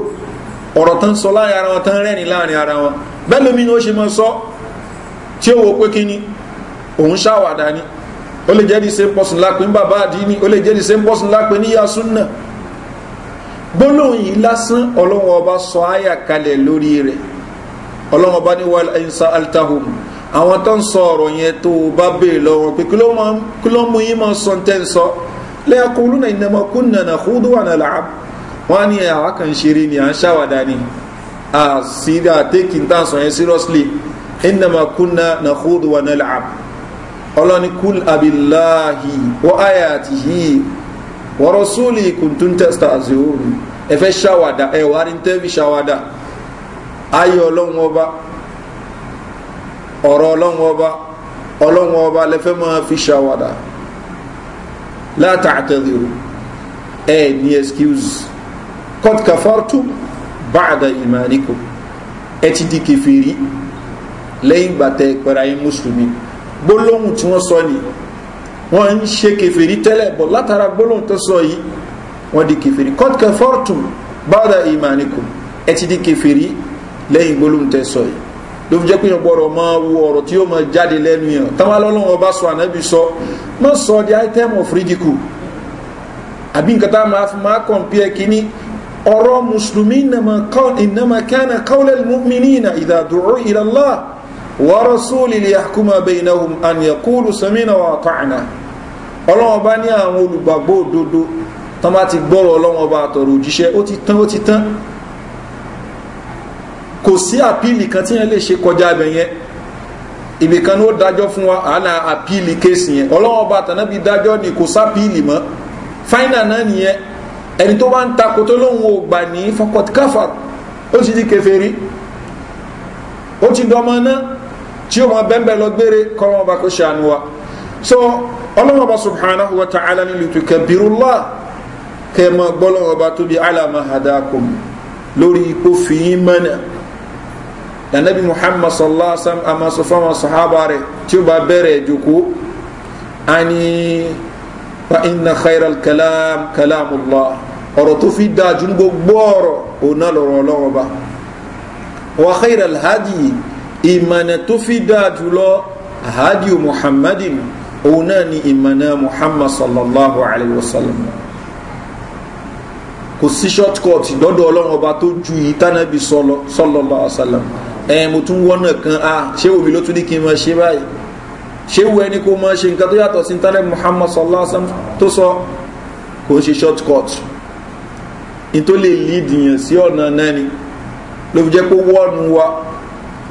ọ̀rọ̀ tán sọ láàrin ara wọn tán rẹ́rìn láàrin ara wọn bẹ́ẹ̀ lómi ni ó ṣe mọ́ sọ tí ó wo pé kí ni òun ṣàwàdà ni ó lè jẹ́ the same person lápé ní bàbá àdínní ó lè jẹ́ the same person lápé ní yasúnà gbólóhùn yìí lásán ọlọ́wọ́n ọba sọ áyà kalẹ̀ lórí rẹ̀ ọlọ́wọ́n ọba ní wàhálà ẹ̀yìn sa altahum àwọn tó ń sọ ọ̀rọ̀ yẹn tó o bá béèrè lọ́wọ́ pé kí ló mú yín máa sọ tẹ́ ń sọ lẹ́yàkó olúna ìnàmọ́ kún nànà húdú wà nàlá wọ́n ní àwa kan ṣeré ni à ń ṣàwàdà ni à sí dà taking down sọ yẹn seriously ìnàmọ́ kún nànà húdú wà nàlá ọlọ́ni kún abiláhi wọ́n àyà àti yìí wọ́n rọ́súlì kùntùn tẹ́sítà àzíhùn ẹ̀fẹ́ ṣàwàdà ẹ̀wárí tẹ́bí ṣàwàdà ayé ọlọ́run ọba ọ̀rọ̀ ọlọ́run ọba ọlọ́run ọba lẹ́fẹ́ máa fi ṣàwàdà látàtẹ̀dìrò ẹ ní excuse kọ́t kàfàrtù báàdà ìmáníkò ẹ ti di kẹfìrí lẹ́yìn gbàtẹ ìpẹ̀rẹ̀ ayé mùsùlùmí gbólóhùn tí wọ́n sọ ni wọ́n ń ṣe kẹfìrí tẹ́lẹ̀ bọ̀ látara gbólóhùn tó sọ yìí wọ́n di kẹfìrí kọ́t kàfàrtù báàdà ìmáníkò ẹ ti di kẹfìrí lẹ́yìn gbólóhùn tẹ́ sọ yìí ló fi jẹ́ pé yẹn gbọ́dọ̀ máa wo ọ̀rọ̀ tí yóò máa jáde lẹ́nu yẹn táwọn alọ́lọ́wọ́ bá sọ ànábì sọ má sọ di item of ridicule àbí nǹkan tá a máa fi máa compare kínní ọ̀rọ̀ mùsùlùmí ìnàmà kánà kọ́lẹ̀ mímínà ìdàdúró ìlàlá wa rasúlì lè àkúmà bẹ̀yìnàhùn àníyàkúlù sẹ́mínà wà tọ́ànà ọlọ́wọ́n bá ní àwọn olùgbàgbọ́ òdodo tán bá ti gbọ́rọ̀ ọlọ́wọ́n bá àtọ̀rọ̀ òjíṣẹ́ ó ti tán ó ti tán kò sí àpíìlì kan tí yẹn lè ṣe kọjá abẹ yẹn ibìkan ni ó dájọ́ fún wa àánà àpíìlì kéèsì yẹn ọlọ́wọ́n bá tànábì dájọ́ ni kò sápíìlì mọ́ fáínà náà nìyẹn ẹni tó bá ń takò tó lóun ò gbà ní fakọtìkáfà ó ti di kẹfẹ́rí ó ti dọmọ náà tí ó mọ bẹ́ẹ̀ lọ gbére kọ́ bá kó ṣàánú wa so ọlọ́wọ́n bá subhanahu wa ta'ala ni lùtù kẹbìrúlá kẹmọ gbọ́lọ́wọ́ bá tóbi alamaha dákùn lórí ipò fìyín mẹ́nà anabi muhammad sallallahu alaihi wa sallam ama sọ fún àwọn sahaba rẹ tí ó bá bẹ̀rẹ̀ ìjòkó a ní wa inna khayral kalam kalamullah ọ̀rọ̀ tó fi dáa ju gbogbo ọ̀rọ̀ òun náà lọ̀rọ̀ ọlọ́wọ́ bá wa khayral hadi ìmọ̀nà tó fi dáa jùlọ hadi muhammadin òun náà ni ìmọ̀nà muhammad sallallahu alaihi wa sallam kò sí shortcut lọ́dọ̀ ọlọ́run ọba tó ju ìtànàbí sọlọ́lá ọ̀sálàmù ẹ mo tún wọ́nà kan a ṣé omi ló tún ní kí n máa ṣe báyìí ṣé wo ẹni kó máa ṣe nǹkan tó yàtọ̀ sí ntálẹ̀ muhammad sallallahu alaihi wasallam tó sọ kò ń ṣe short cut ní tó lè lead yàn sí ọ̀nà náà ni ló fi jẹ́ pé wọ́ọ̀nù wa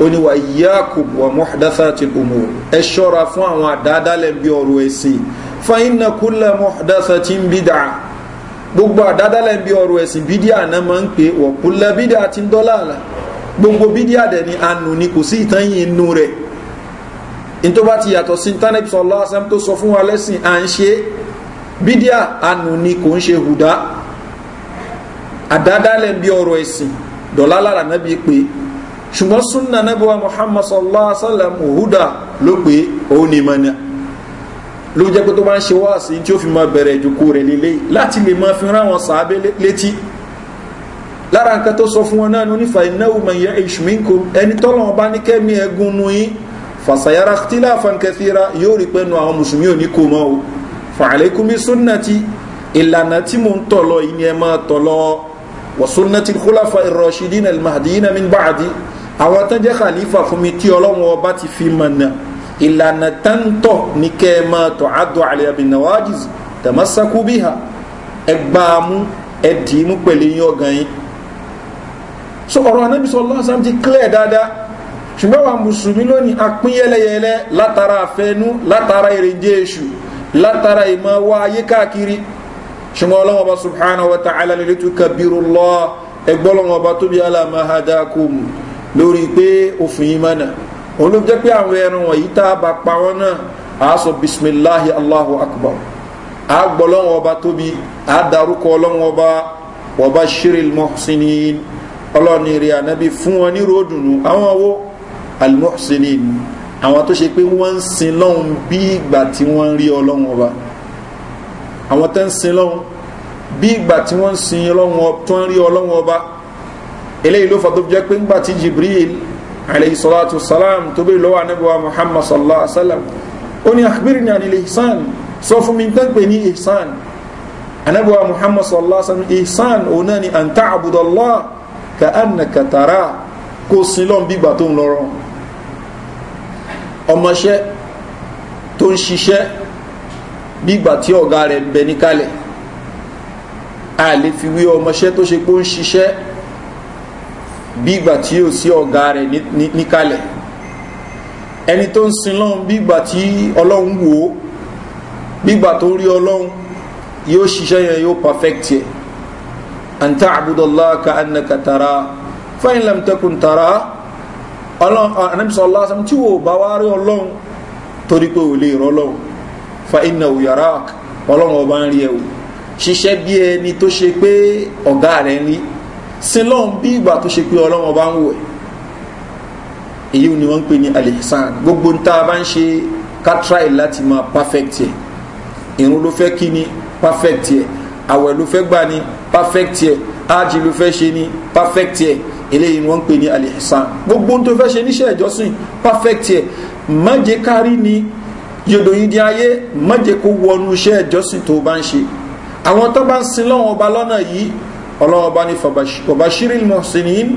oníwà yaakub wa muhdathati umur ẹ ṣọ́ra fún àwọn àdáadáalẹ̀ bí ọ̀rọ̀ ẹ̀sìn fàyínà kúlẹ̀ muhdathati bidà gbogbo àdáadáalẹ̀ bí ọ̀rọ̀ ẹ̀sìn bídíà náà máa ń pè wọ̀ kúlẹ̀ bídà ti ń dọ́là gbogbo bídíà dẹ̀ ni àánú ni kò sí ìtànyìn inú rẹ̀ ní tó bá ti yàtọ̀ sí tánẹ́bí sọ lọ́sàn tó sọ fún wa lẹ́sìn à ń ṣe bídíà àánú ni kò ń ṣe hùdá àdádálẹ̀ bí ọ̀rọ̀ ẹ̀sìn dọ̀lá lára nábì pé ṣùgbọ́n súnà nábì wa muhammad sallallahu alaihi wa sallam hùdá ló pé òun ni mọ́ni ló jẹ́ pé tó bá ń ṣe wáàsí tí ó fi máa bẹ̀rẹ̀ ìjókòó rẹ̀ lélẹ́yìí láti lè máa fi rán àwọn sàábé létí. Le, lára nǹkan tó sọ fún wọn náà ní fa ináwó man yẹ ìṣmínkù ẹni tọ́lọ̀ ọba ní kẹ́mi ẹ̀gún nu yín fàṣàyára tílà fankẹ́fìra yóò rí pẹ́nu àwọn mùsùlùmí ò ní kó mọ́ o fàálẹ́kùnmí sunnati ìlànà tí mò ń tọ̀ lọ yìí ni ẹ máa tọ̀ lọ wà sunnati kúláfà ìrọ̀ṣìdín almahadina min báàdì àwọn tó jẹ́ khalifa fún mi tí ọlọ́wọ́n ọba ti fi so ọ̀rọ̀ anábì sọ lọ́wọ́ sáà ti clear dáadáa ṣùgbọ́n wa mùsùlùmí lónìí apín yẹlẹyẹlẹ látara àfẹnú látara èrèjé èṣù látara ìmọ̀ wa ayé káàkiri ṣùgbọ́n ọlọ́wọ́ bá subhanahu wa ta'ala lè tó kabiru lọ ẹgbọ́n lọ́wọ́ bá tóbi alamahadakum lórí pé òfin yìí mọ́nà òun ló jẹ́ pé àwọn ẹran wọ̀nyí tá a bá pa wọn náà a sọ bisimilahi allahu akbar a gbọ́ lọ́wọ́ bá tóbi a darúkọ lọ́wọ́ bá wọ́n bá ṣírí mọ́sínín ọlọ́ni rí ànábì fún wọn ní ròdùnú àwọn owó alimuhsinin àwọn tó ṣe pé wọ́n ń sin lọ́hun bí ìgbà tí wọ́n ń rí ọlọ́run ọba àwọn tó ń sin lọ́hun bí ìgbà tí wọ́n ń sin ọlọ́run tó ń rí ọlọ́run ọba eléyìí ló fà tó jẹ́ pé ńgbà tí jibril alayhi salatu salam tó bèrè lọ́wọ́ ànábì wa muhammad sallallahu alayhi wa sallam ó ní àkbírí ní àdìlẹ̀ ihsan sọ fún mi tán pé ní ihsan ànábì wa muhammad sallallahu alayhi wa sallam ihsan òun náà ni àǹtá àbùdọ̀lọ́ọ̀ ka annaka tara kó sin lọ́n bígbà tó ń lọ́rọ̀ ọmọṣẹ́ tó ń ṣiṣẹ́ bígbà tí ọ̀gá rẹ̀ bẹ níkàlẹ̀ a lè fi wí ọmọṣẹ́ tó ṣe pé ó ń ṣiṣẹ́ bígbà tí ó sí ọ̀gá rẹ̀ níkàlẹ̀ ẹni tó ń sin bígbà tí ọlọ́run wò ó bígbà tó rí ọlọ́run yóò ṣiṣẹ́ yẹn yóò perfect yẹn an ta'budu allah ka annaka tara fa in lam takun tara ọlọ́run anabi sallallahu alaihi wasallam tí wo bá wá rí ọlọ́run torí pé ò lè rọlọ́run fa inna ò yàrá ọlọ́run ọba ń rí ẹ o ṣiṣẹ́ bí ẹni tó ṣe pé ọ̀gá rẹ̀ ń rí sinlọ́run bí ìgbà tó ṣe pé ọlọ́run ọba ń wò ni wọ́n ń pè alihisan gbogbo ń a bá ń ṣe try láti máa perfect ẹ̀ irun ló fẹ́ kí perfect ẹ̀ àwẹ̀ ló fẹ́ gbà ni perfect yẹ ájì ló fẹ́ ṣe ni perfect yẹ eléyìí wọ́n ń pè ní alihisan gbogbo ohun tó fẹ́ ṣe níṣẹ́ ìjọsìn perfect yẹ mọ́jẹ kárí ni yòdò yìí di ayé mọ́jẹ kó wọnú iṣẹ́ ìjọsìn tó bá ń ṣe àwọn tó bá ń sin lọ́wọ́ ọba lọ́nà yìí ọlọ́wọ́ bá ní fọ̀bàṣírí mọ̀sìnín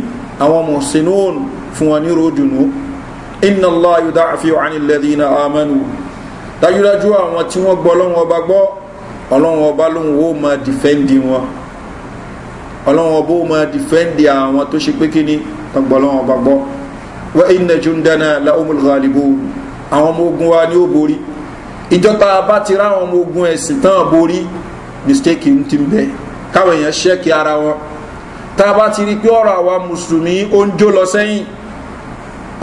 àwọn mọ̀sìnún fún wọn ní ròdùnú iná lọ yóò àfi wàhání lẹ́dínà àmánu dájúdájú àwọn tí wọ́n gbọ́ ọlọ́wọ́ ọba gbọ́ ọlọ́wọ́ ọba lóhun ó máa dìfẹ́ǹdì wọn ọlọ́run ọba ó máa dìfẹ́ǹdì àwọn tó ṣe pé kí ni tọgbọ́ ọlọ́run ọba gbọ́ wọ́n iná jundana lahumul ghalibun àwọn ọmọ ogun wa ni ó borí ìjọta bá ti rá àwọn ọmọ ogun ẹ̀sìn tán borí mistake ń ti bẹ̀ káwọn èèyàn ṣẹ́kì ara wọn tá a bá ti rí pé ọ̀rọ̀ àwa mùsùlùmí ó ń jó lọ sẹ́yìn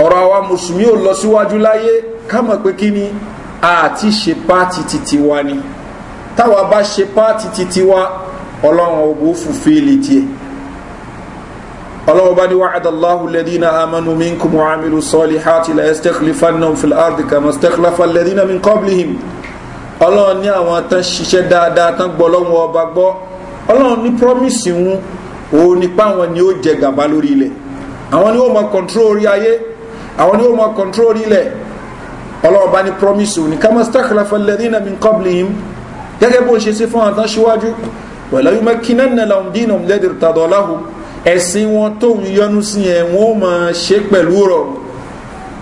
ọ̀rọ̀ àwa mùsùlùmí ò lọ síwájú láyé ká pé kí ni àti ṣe páàtì titi wa ni táwa bá ṣe páàtì titi wa ọlọ́run ọgbó fùfíìlì tiẹ̀ ọlọ́run bá ní wàhádà aláhùn lẹ́dínà amánú mi kú mu amílù sọ́ọ̀lì hàtì ilẹ̀ esteklifanaum fil ardi kama esteklifa lẹ́dínà mi kọ́blihim ọlọ́run ní àwọn tán ṣiṣẹ́ dáadáa tán gbọ́ ọlọ́run ọba gbọ́ ọlọ́run ní promise wọn òun nípa àwọn ni ó jẹ gàba lórí ilẹ̀ àwọn ni ó mọ control orí ayé àwọn ni ó mọ control orí ilẹ̀ ọlọ́run bá ní promise wọn ní kama esteklifa lẹ́dínà mi kọ́blihim gẹ́gẹ́ bó ṣe sí fún àwọn tán ṣíwájú wala yumakkinanna lahum dinahum alladhi irtada lahum ẹ̀sìn wọn tóun yọ́nú sí yẹn wọn ó máa ṣe pẹ̀lú rọrùn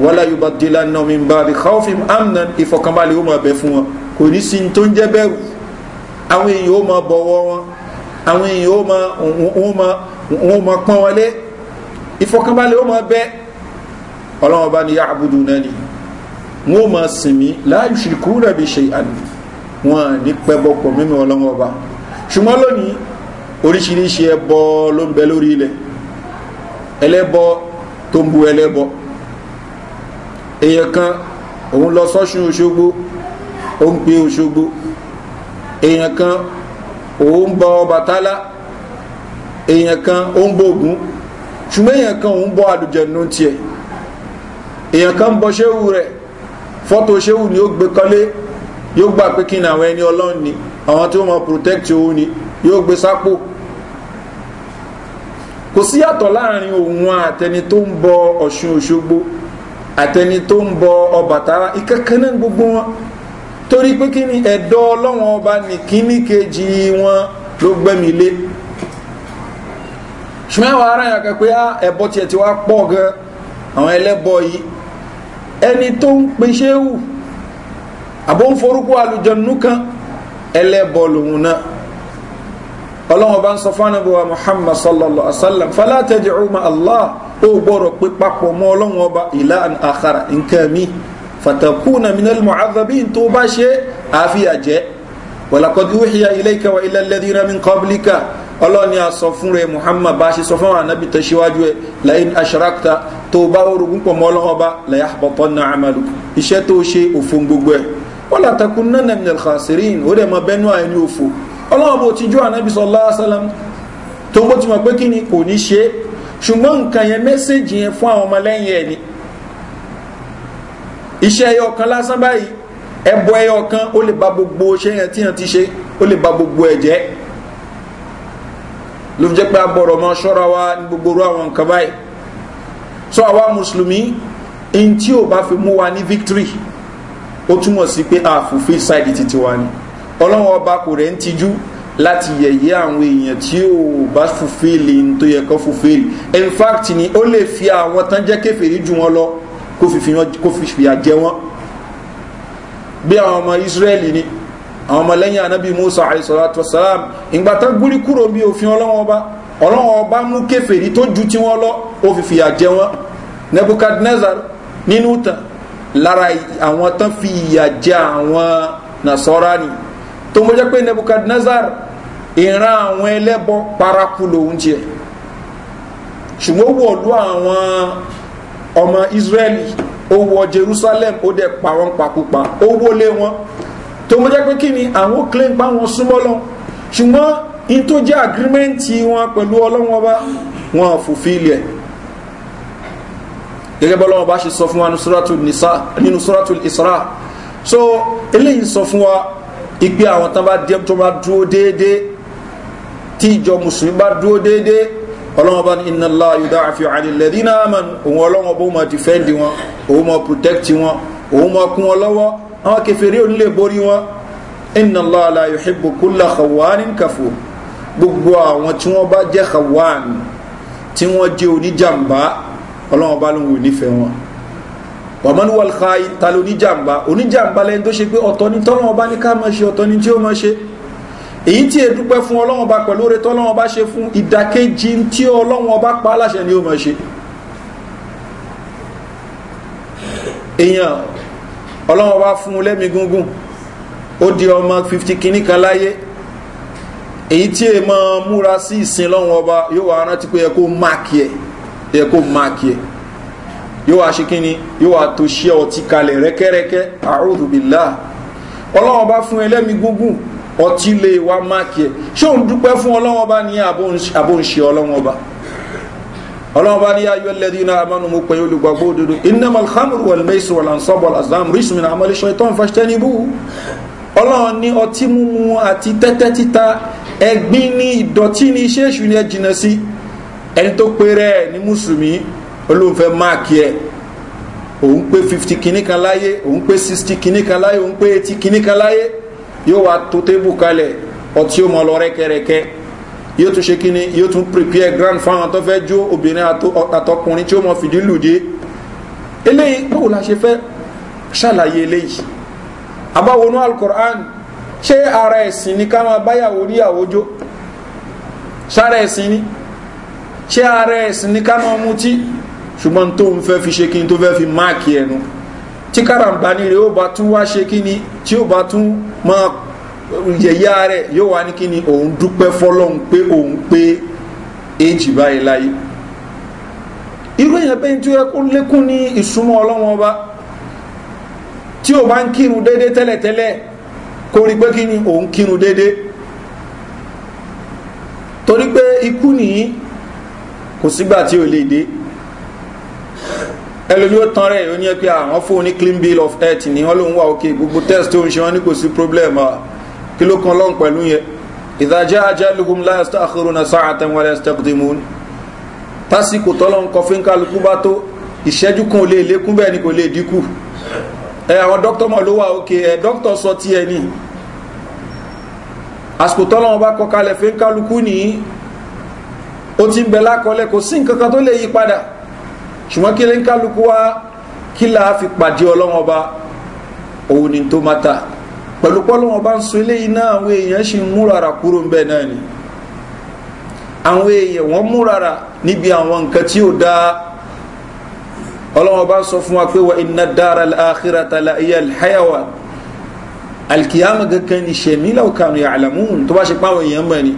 wala yubaddilanna min ba'di khawfihim amnan ìfọ̀kànbalẹ̀ ó máa bẹ fún wọn kò ní sí tó ń jẹ́ bẹ̀rù àwọn èèyàn ó máa bọ̀wọ́ wọn àwọn èèyàn ó máa wọ́n máa pọ́n wọlé ìfọ̀kànbalẹ̀ ó máa bẹ ọlọ́wọ́n bá ní ya'budunani wọn ó máa sìn mí la yushrikuna bi shay'an wọn ní pẹ́bọ̀pọ̀ mímí ọlọ́wọ́n bá ṣùgbọ́n lónìí oríṣiríṣi ẹbọ ló ń bẹ lórí ilẹ̀ ẹlẹ́bọ tó ń bu ẹlẹ́bọ èèyàn kan òun lọ sọ́ṣun òṣogbo ó ń pe òṣogbo èèyàn kan òun bọ ọbàtálá èèyàn kan ó ń bògún ṣùgbọ́n èèyàn kan òun bọ àlùjẹ̀nu tiẹ̀ èèyàn kan ń bọ ṣéwù rẹ̀ fọ́tò ṣéwù ni ó gbé kọ́lé yóò gbà pé kí ni àwọn ẹni ọlọ́run ni àwọn tí ó mọ protect òun ni yóò gbé sápò kò sí yàtọ̀ láàrin òun àtẹni tó ń bọ ọ̀ṣun òṣogbo àtẹni tó ń bọ ọbàtálá ìkẹ́kẹ́ náà gbogbo wọn torí pé kí ni ẹ̀dọ́ ọlọ́wọ́n ọba nìkíní kejì wọn ló gbẹ́mi lé ṣùgbọ́n àwọn yàn kan pé ah, ẹ̀bọ tiẹ̀ ti wá pọ̀ gan àwọn ẹlẹ́bọ yìí ẹni tó ń pe ṣéwù àbó ń forúkọ àlùjọ̀nù kan ẹlẹ́bọ lòun náà ọlọ́run bá ń sọ fún anábọ̀wá muhammad sallallahu alaihi wa sallam fala tad'u ma allah ó gbọ́dọ̀ pé papọ̀ mọ́ ọlọ́run ọba ilahan akhara nǹkan mi fatakuna minal mu'adhabin tó bá ṣe àfihàn jẹ́ walakọ̀dí wíhíyà iléikà wa ilẹ̀ lẹ́dínà min kọ́blíkà ọlọ́ni a fún rẹ̀ muhammad bá ṣe sọ fún àwọn anábì tó ṣíwájú ẹ̀ lẹ́yìn aṣarakta tó bá orogún pọ̀ mọ́ ọlọ́wọ́ bá lẹ́yà àbọ̀tọ́ náà àmàlù iṣẹ́ tó ṣe òfin gbogbo ẹ̀ wọ́lá takun náà nàmì alkhasirin ó dẹ̀ mọ bẹ́nu àìní òfò ọlọ́wọ́ bó ti jó ànábì sọlá sálám tó bó ti mọ̀ pé kí ni kò ní ṣe ṣùgbọ́n nǹkan yẹn mẹ́sẹ̀jì yẹn fún àwọn ọmọlẹ́yìn ẹ̀ ni iṣẹ́ ẹyọ kan lásán báyìí ẹbọ ẹyọ kan ó lè ba gbogbo ṣe yẹn tí yẹn ti ṣe ó lè ba gbogbo ẹ̀ jẹ́ ló fi jẹ́ pé abọ̀rọ̀ mọ́ ṣọ́ra wa ní gbogbo orú àwọn nǹkan báyìí sọ àwa mùsùlùmí in ò bá fi mú wa ní victory ó túmọ̀ sí pé a fulfil side titi wa ni ọlọ́wọ́n ọba kò rẹ̀ ń tijú láti yẹ̀yẹ́ àwọn èèyàn tí ò bá fulfil ní tó yẹ kó fulfil in fact ni ó lè fi àwọn tán jẹ́ kéfèrí jù wọn lọ kó fi fìyà jẹ wọn bí àwọn ọmọ israẹli ni àwọn ọmọ lẹ́yìn anabi musa alayhisalatu wasalam ìgbà tán gbúrí kúrò bí òfin ọlọ́wọ́n ọba ọlọ́wọ́n ọba mú kéfèrí tó ju tí wọ́n lọ ó fi fìyà jẹ wọn nebuchadnezzar nínú tán lára àwọn tán fi ìyà jẹ àwọn nasọ́ra ni tó mọ́ jẹ́ pé nebukadnezar ìran àwọn ẹlẹ́bọ paraku lòun jẹ ṣùgbọ́n wọ̀lú àwọn ọmọ israeli ó wọ jerusalem ó dẹ̀ pa wọn papòpa ó wọlé wọn tó mọ́ jẹ́ pé kí ni àwọn claim pa wọn súnmọ́ lọ ṣùgbọ́n in agreement wọn pẹ̀lú ọlọ́wọ́n bá wọn fòfin ilẹ̀ gẹ́gẹ́ bọ́lá wọn bá ṣe sọ fún wa nínú sọ́ràtù ìsra so eléyìí sọ fún wa ìpè àwọn tán bá tó bá dúró déédéé tí ìjọ mùsùlùmí bá dúró déédéé ọlọ́wọ́n bá ní iná lọ yóò àfi àlìlẹ̀ dínà àmàlù òun ọlọ́wọ́n bó mọ̀ dìfẹ́ǹdì wọn òun mọ̀ protect wọn òun mọ̀ kún wọn lọ́wọ́ àwọn kẹfẹ́rẹ́ onílé borí wọn iná lọ àlàyé ìbò kúlà kàwáánì kàfò gbogbo àwọn tí wọ́n bá jẹ́ kàwáánì tí wọ́n jẹ́ oníjàmbá ọlọ́run bá lóun ò nífẹ̀ẹ́ wọn wàmọ́nú wàlúkà ìtàlẹ̀ oníjàmbá oníjàmbá lẹ́yìn tó ṣe pé ọ̀tọ́ ní tọ́lọ́wọ́n bá ní ká máa ṣe ọ̀tọ́ ní tí ó máa ṣe èyí tí è dúpẹ́ fún ọlọ́wọ́n bá pẹ̀lú oore tọ́lọ́wọ́n bá ṣe fún ìdàkejì tí ọlọ́wọ́n bá pa aláṣẹ ni ó máa ṣe èèyàn ọlọ́wọ́n bá fún lẹ́mí gúngún ó di ọmọ 50 kìíní kan láyé èyí tí è máa múra sí ìsìn lọ́wọ́n ọba yóò wá rántí pé ẹ kó máàkì ẹ̀ yẹ kó máàkì ẹ̀ yóò wá ṣe kí ni yóò wá tó ṣe ọtí kalẹ̀ rẹ́kẹ́rẹ́kẹ́ àrùdùbìlà ọlọ́wọ́n bá fún ẹlẹ́mi gúngùn ọtí lè wá máàkì ẹ̀ ṣé òun dúpẹ́ fún ọlọ́wọ́n bá ní àbóǹṣe ọlọ́wọ́n bá ọlọ́wọ́n bá ní ayọ́ lẹ́dí iná amánu mú pẹ̀lú olùgbàgbọ́ òdodo iná malhamru walmaisu walansọ́bọ̀ alazam rismin amalisho itan fashtanibu ọlọ́wọ́n ní ọtí mímu àti tẹ́tẹ́ títa ẹ̀gbin ní ìdọ̀tí ní iṣẹ́ ìṣúni ẹ̀ sí i ẹni tó pé rẹ̀ ní mùsùlùmí olóhùn máàkì ẹ̀ òun pé fifty kìíní kan láyé òun pé sixty kìíní kan láyé òun pé eighty kìíní kan láyé yóò wá tó tébù kalẹ̀ ọtí ó mọ lọ rẹ́kẹrẹ́kẹ́ yóò tún ṣe kìíní yóò tún prepare grand fáwọn tó fẹ́ jó obìnrin àtọkùnrin tí ó mọ fìdí lùdí eléyìí báwo la ṣe fẹ́ ṣàlàyé eléyìí abáwonú alukur'an ṣé ara ẹ̀sìn ni ká máa báyàwó níyàwó jó sára ẹ̀sìn ni ṣé ààrẹ ẹ̀sìn ní kánà ọmú tí ṣùgbọ́n tó ń fẹ́ fi ṣe kí ni tó fẹ́ fi máàkì ẹnu tí káràǹbání rẹ̀ ó bá tún wá ṣe kí ni tí ó bá tún máa yẹ̀yẹ́ ààrẹ yóò wá ní kí ni òun dúpẹ́ fọlọ́hún pé òun pé èjì báyìí láyé irú èèyàn bẹ́ẹ̀ tí ó yẹ kó lékún ní ìsúnmọ́ ọlọ́wọ́n ọba tí ó bá ń kírun déédéé tẹ́lẹ̀tẹ́lẹ̀ kó rí pé kí ni òun kírun déédéé torí pé ikú nìyí kò sígbà tí ò lè dé ẹlòmí ó tán rẹ̀ ó ní ẹ pé àwọn ah, fóun ní clean bill of health ní wọn lòun wà òkè gbogbo test tó ń ṣe wọn ní kò sí problem ah, kí ló kan lọ́n pẹ̀lú yẹn ìdájá ajalukum láyé stakhiru na sa'atan wàlẹ̀ stakdimun tásìkò tọ́lọ́ ń kọ fún kálukú bá tó ìṣẹ́jú kan ò lè lékún bẹ́ẹ̀ ni kò lè dínkù ẹ àwọn dókítà mọ̀ ló wà òkè ẹ dókítà sọ tí ẹ ní àsìkò tọ́lọ́ wọn bá kọ kalẹ̀ fún kálukú nìyí ó ti ń bẹ lákọọ́lẹ̀ kò sí nǹkan kan tó lè yí padà ṣùgbọ́n kí lè ń kálukú wá kí là á fi pàdé ọlọ́wọ́n ọba òun ni tó máa ta pẹ̀lú pọ́lọ́wọ́n ọba ń so eléyìí náà àwọn èèyàn ṣì ń múra ara kúrò ń bẹ̀ náà ni àwọn èèyàn wọ́n múra ara níbi àwọn nǹkan tí ò dáa ọlọ́wọ́n bá sọ fún wa pé wa iná dára àkírà tàlà iye alhayawa alkiyama gankan ni ṣẹ̀mí láwùkanu yà àlàmú tó bá ṣe pàwọn èèyàn mọ̀ ni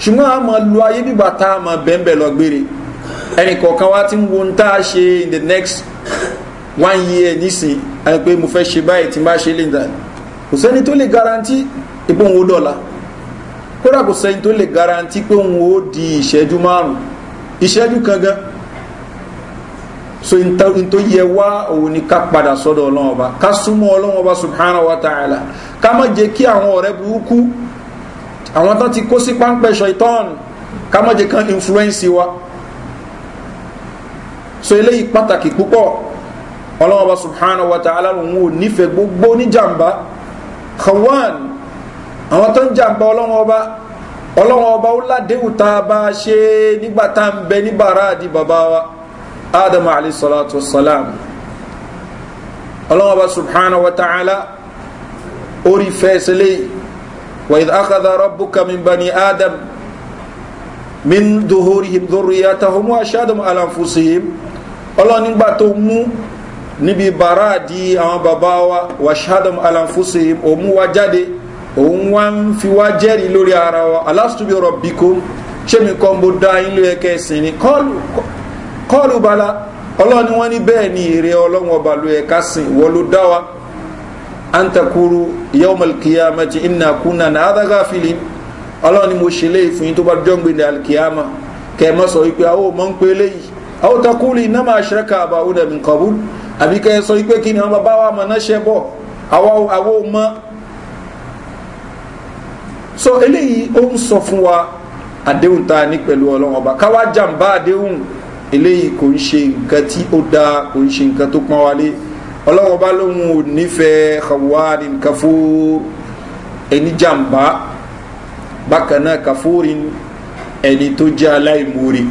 ṣùgbọ́n a máa lo ayé bíbà tá a máa bẹ́ẹ̀ lọ gbére ẹnì kọ̀ọ̀kan wá ti ń wo ń tá a ṣe in the next one year nísìn àti pé mo fẹ́ ṣe báyìí tí n bá ṣe lè dà kò sẹ́ni tó lè garanti ipò òun ó dọ̀la kódà kò sẹ́ni tó lè garanti pé òun ó di ìṣẹ́jú márùn-ún ìṣẹ́jú kan so n tó yẹ wá òun ni ká padà sọ́dọ̀ ọlọ́wọ́ba ká súnmọ́ ọlọ́wọ́ba subhanahu wa ta'ala ká má jẹ́ kí àwọn ọ̀rẹ́ burúkú àwọn tán ti kó sí páńpẹ́ ṣọ̀ìtọ́n ká mọ́ jẹ́ kan influence wa so eléyìí pàtàkì púpọ̀ ọlọ́wọ́ba subhanahu wa ta'ala lòun ò nífẹ̀ẹ́ gbogbo oníjàmbá kawan àwọn tó ń jàmbá ọlọ́wọ́ba ọlọ́wọ́ba ó ládéhùn tá a ṣe nígbà tá a ń bẹ ní bàrá àdí bàbá wa adam alayhi salatu salam ọlọ́wọ́ba subhanahu wa ta'ala orí fẹ́ sílẹ̀ yìí وإذ أخذ ربك من بني آدم من ظهورهم ذريتهم وأشهدهم على أنفسهم ọlọ́run nígbà tó mú níbi bàrá di àwọn bàbá wa wàṣádàm aláǹfóṣe òun wá jáde òun wá ń fi wá jẹ́rìí lórí ara wa aláṣùbí ọ̀rọ̀ bíkó ṣé mi kọ́ mo dá yín ló yẹ kẹ́ sìn ni kọ́ọ̀lù bala ọlọ́run ni wọ́n ní bẹ́ẹ̀ ni èrè ọlọ́run ọba ló yẹ ká sìn wọ́n ló dá wa an takuru yawma alqiyamati inna kunna nada ghafilin ọlọ́run ni mo ṣe léyìí fún yín tó bá jọ́ngbìn ní alkiyama kẹ́ ẹ má sọ wípé àwọn ọmọ ń pè léyìí àwọn takuru iná máa ṣẹ́ka àbáwò dàbí kabul àbí kẹ́ ẹ sọ wípé kí ni àwọn bàbá wa so eléyìí ó ń sọ fún wa àdéhùn tá a ní pẹ̀lú ọba káwá jàǹbá àdéhùn eléyìí kò ń ṣe nǹkan tí ó dáa kò ń ṣe nǹkan tó pọ́n wálé ọlọ́wọ́n bá lóhun ò nífẹ̀ẹ́ khawarin kafur ẹni jàǹbá bákan náà kafurin ẹni tó jẹ́ aláìmoore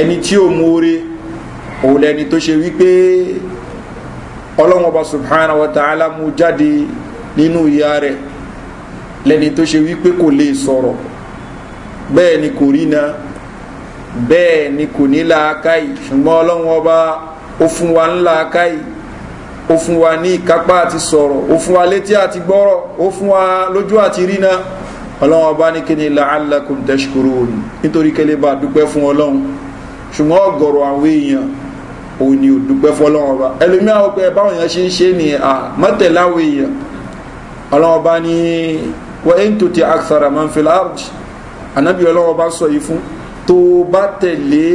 ẹni tí ò moore òun lẹni tó ṣe wípé ọlọ́wọ́n bá subhana wa ta'ala mú jáde nínú ìyá rẹ̀ lẹni tó ṣe wípé kò lè sọ̀rọ̀ bẹ́ẹ̀ ni kò rí na bẹ́ẹ̀ ni kò ní làákàyè ṣùgbọ́n ọlọ́wọ́n bá ó fún wa ń làákàyè ó fún wa ní ìkápá àti sọ̀rọ̀ ó fún wa létí àti gbọ́rọ̀ ó fún wa lójú àti ríná ọlọ́run ọba ní kíni la'allakum tashkurun nítorí kẹlẹ́ bá dúpẹ́ fún ọlọ́run ṣùgbọ́n ọ̀gọ̀rọ̀ àwọn èèyàn òun ni ò dúpẹ́ fún ọlọ́run ọba ẹlòmíà ó pẹ́ báwọn èèyàn ṣe ń ṣe ni à mọ́tẹ̀láwọ̀ èèyàn ọlọ́run ọba ní wọ́n ń tòtí àkàrà máa ń fi láàrùjì ànábì ọlọ́run ọba sọ yìí fún tó bá tẹ̀lé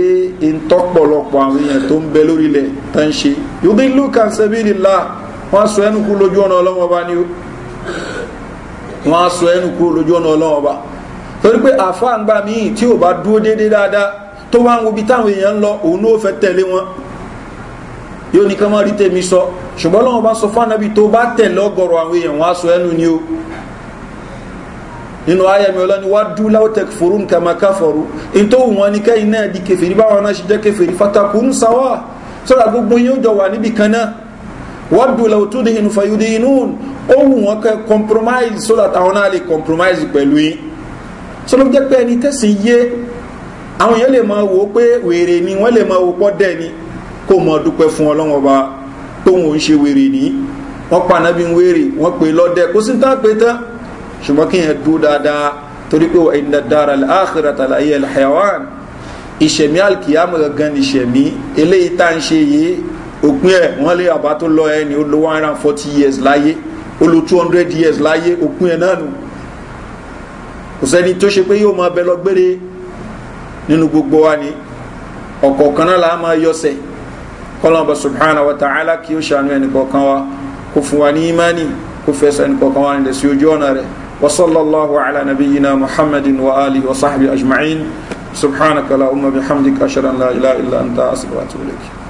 ìtọ́pọ̀lọpọ̀ àwọn èèyàn tó ń bẹ lórí ilẹ̀ tó ń ṣe yóò ló kà sẹ́bìlì là wọ́n sọ ẹnu kú lójú ọ̀nà ọlọ́wọ́ bá ní wọ́n sọ ẹnu kú lójú ọ̀nà ọlọ́wọ́ bá torí pé àfáà míì tí ò bá dúó déédéé dáadáa tó wá ń wo táwọn èèyàn ń lọ òun ló fẹ́ tẹ̀lé wọn yóò ní ká má rí tèmi sọ ṣùgbọ́n lọ́wọ́ bá sọ fún ànábì tó bá tẹ̀lé ọgọ̀rọ̀ àwọn èèyàn wọ́n á sọ ẹnu ni o nínú ayé mi ọlọ́ni wá dúlá ó tẹ̀kì fòrú nǹkan máa káfọ̀rú in tó wùn wọn ní kẹ́yìn náà di kẹfìrí báwọn náà ṣe jẹ́ kẹfìrí fatakù ń sáwà sọ́dà gbogbo yóò jọ wà níbi compromise so táwọn náà lè compromise pẹ̀lú yín sọ́dà jẹ́ pé ẹni tẹ̀sí yé àwọn yẹn lè máa wò ni wọ́n lè máa wò pọ́ dẹ̀ ni kó mọ dúpẹ́ fún ọlọ́wọ́n ọba tóun ò ń ṣe wèrè ní wọ́n pa náà bí ṣùgbọ́n kí yẹn dúró dáadáa torí pé wọ́n iná dára láàkìrà tàlà ayé alhayawan ìṣẹ̀mí alkiyama gangan ni ìṣẹ̀mí eléyìí tá à ń ṣe yìí òpin ẹ̀ wọ́n lé àbá tó lọ ẹni ó lo one hundred and forty years láyé ó lo two hundred years láyé òpin ẹ̀ náà nù kò sẹ́ni tó ṣe pé yóò máa bẹ lọ gbére nínú gbogbo wa ni ọ̀kọ̀ọ̀kan náà làá máa yọsẹ̀ kọ́lọ́mọba subhana wa ta'ala kí ó ṣàánú ẹnì kọ̀ọ̀kan wa kò fún wa ní imani kò fẹsẹ̀ ẹnì kọ̀ọ̀kan wa nílẹ̀ sí ojú ọ̀nà rẹ̀. وصلى الله على نبينا محمد وآله وصحبه أجمعين سبحانك اللهم بحمدك أشهد أن لا إله إلا أنت أستغفرك وأتوب إليك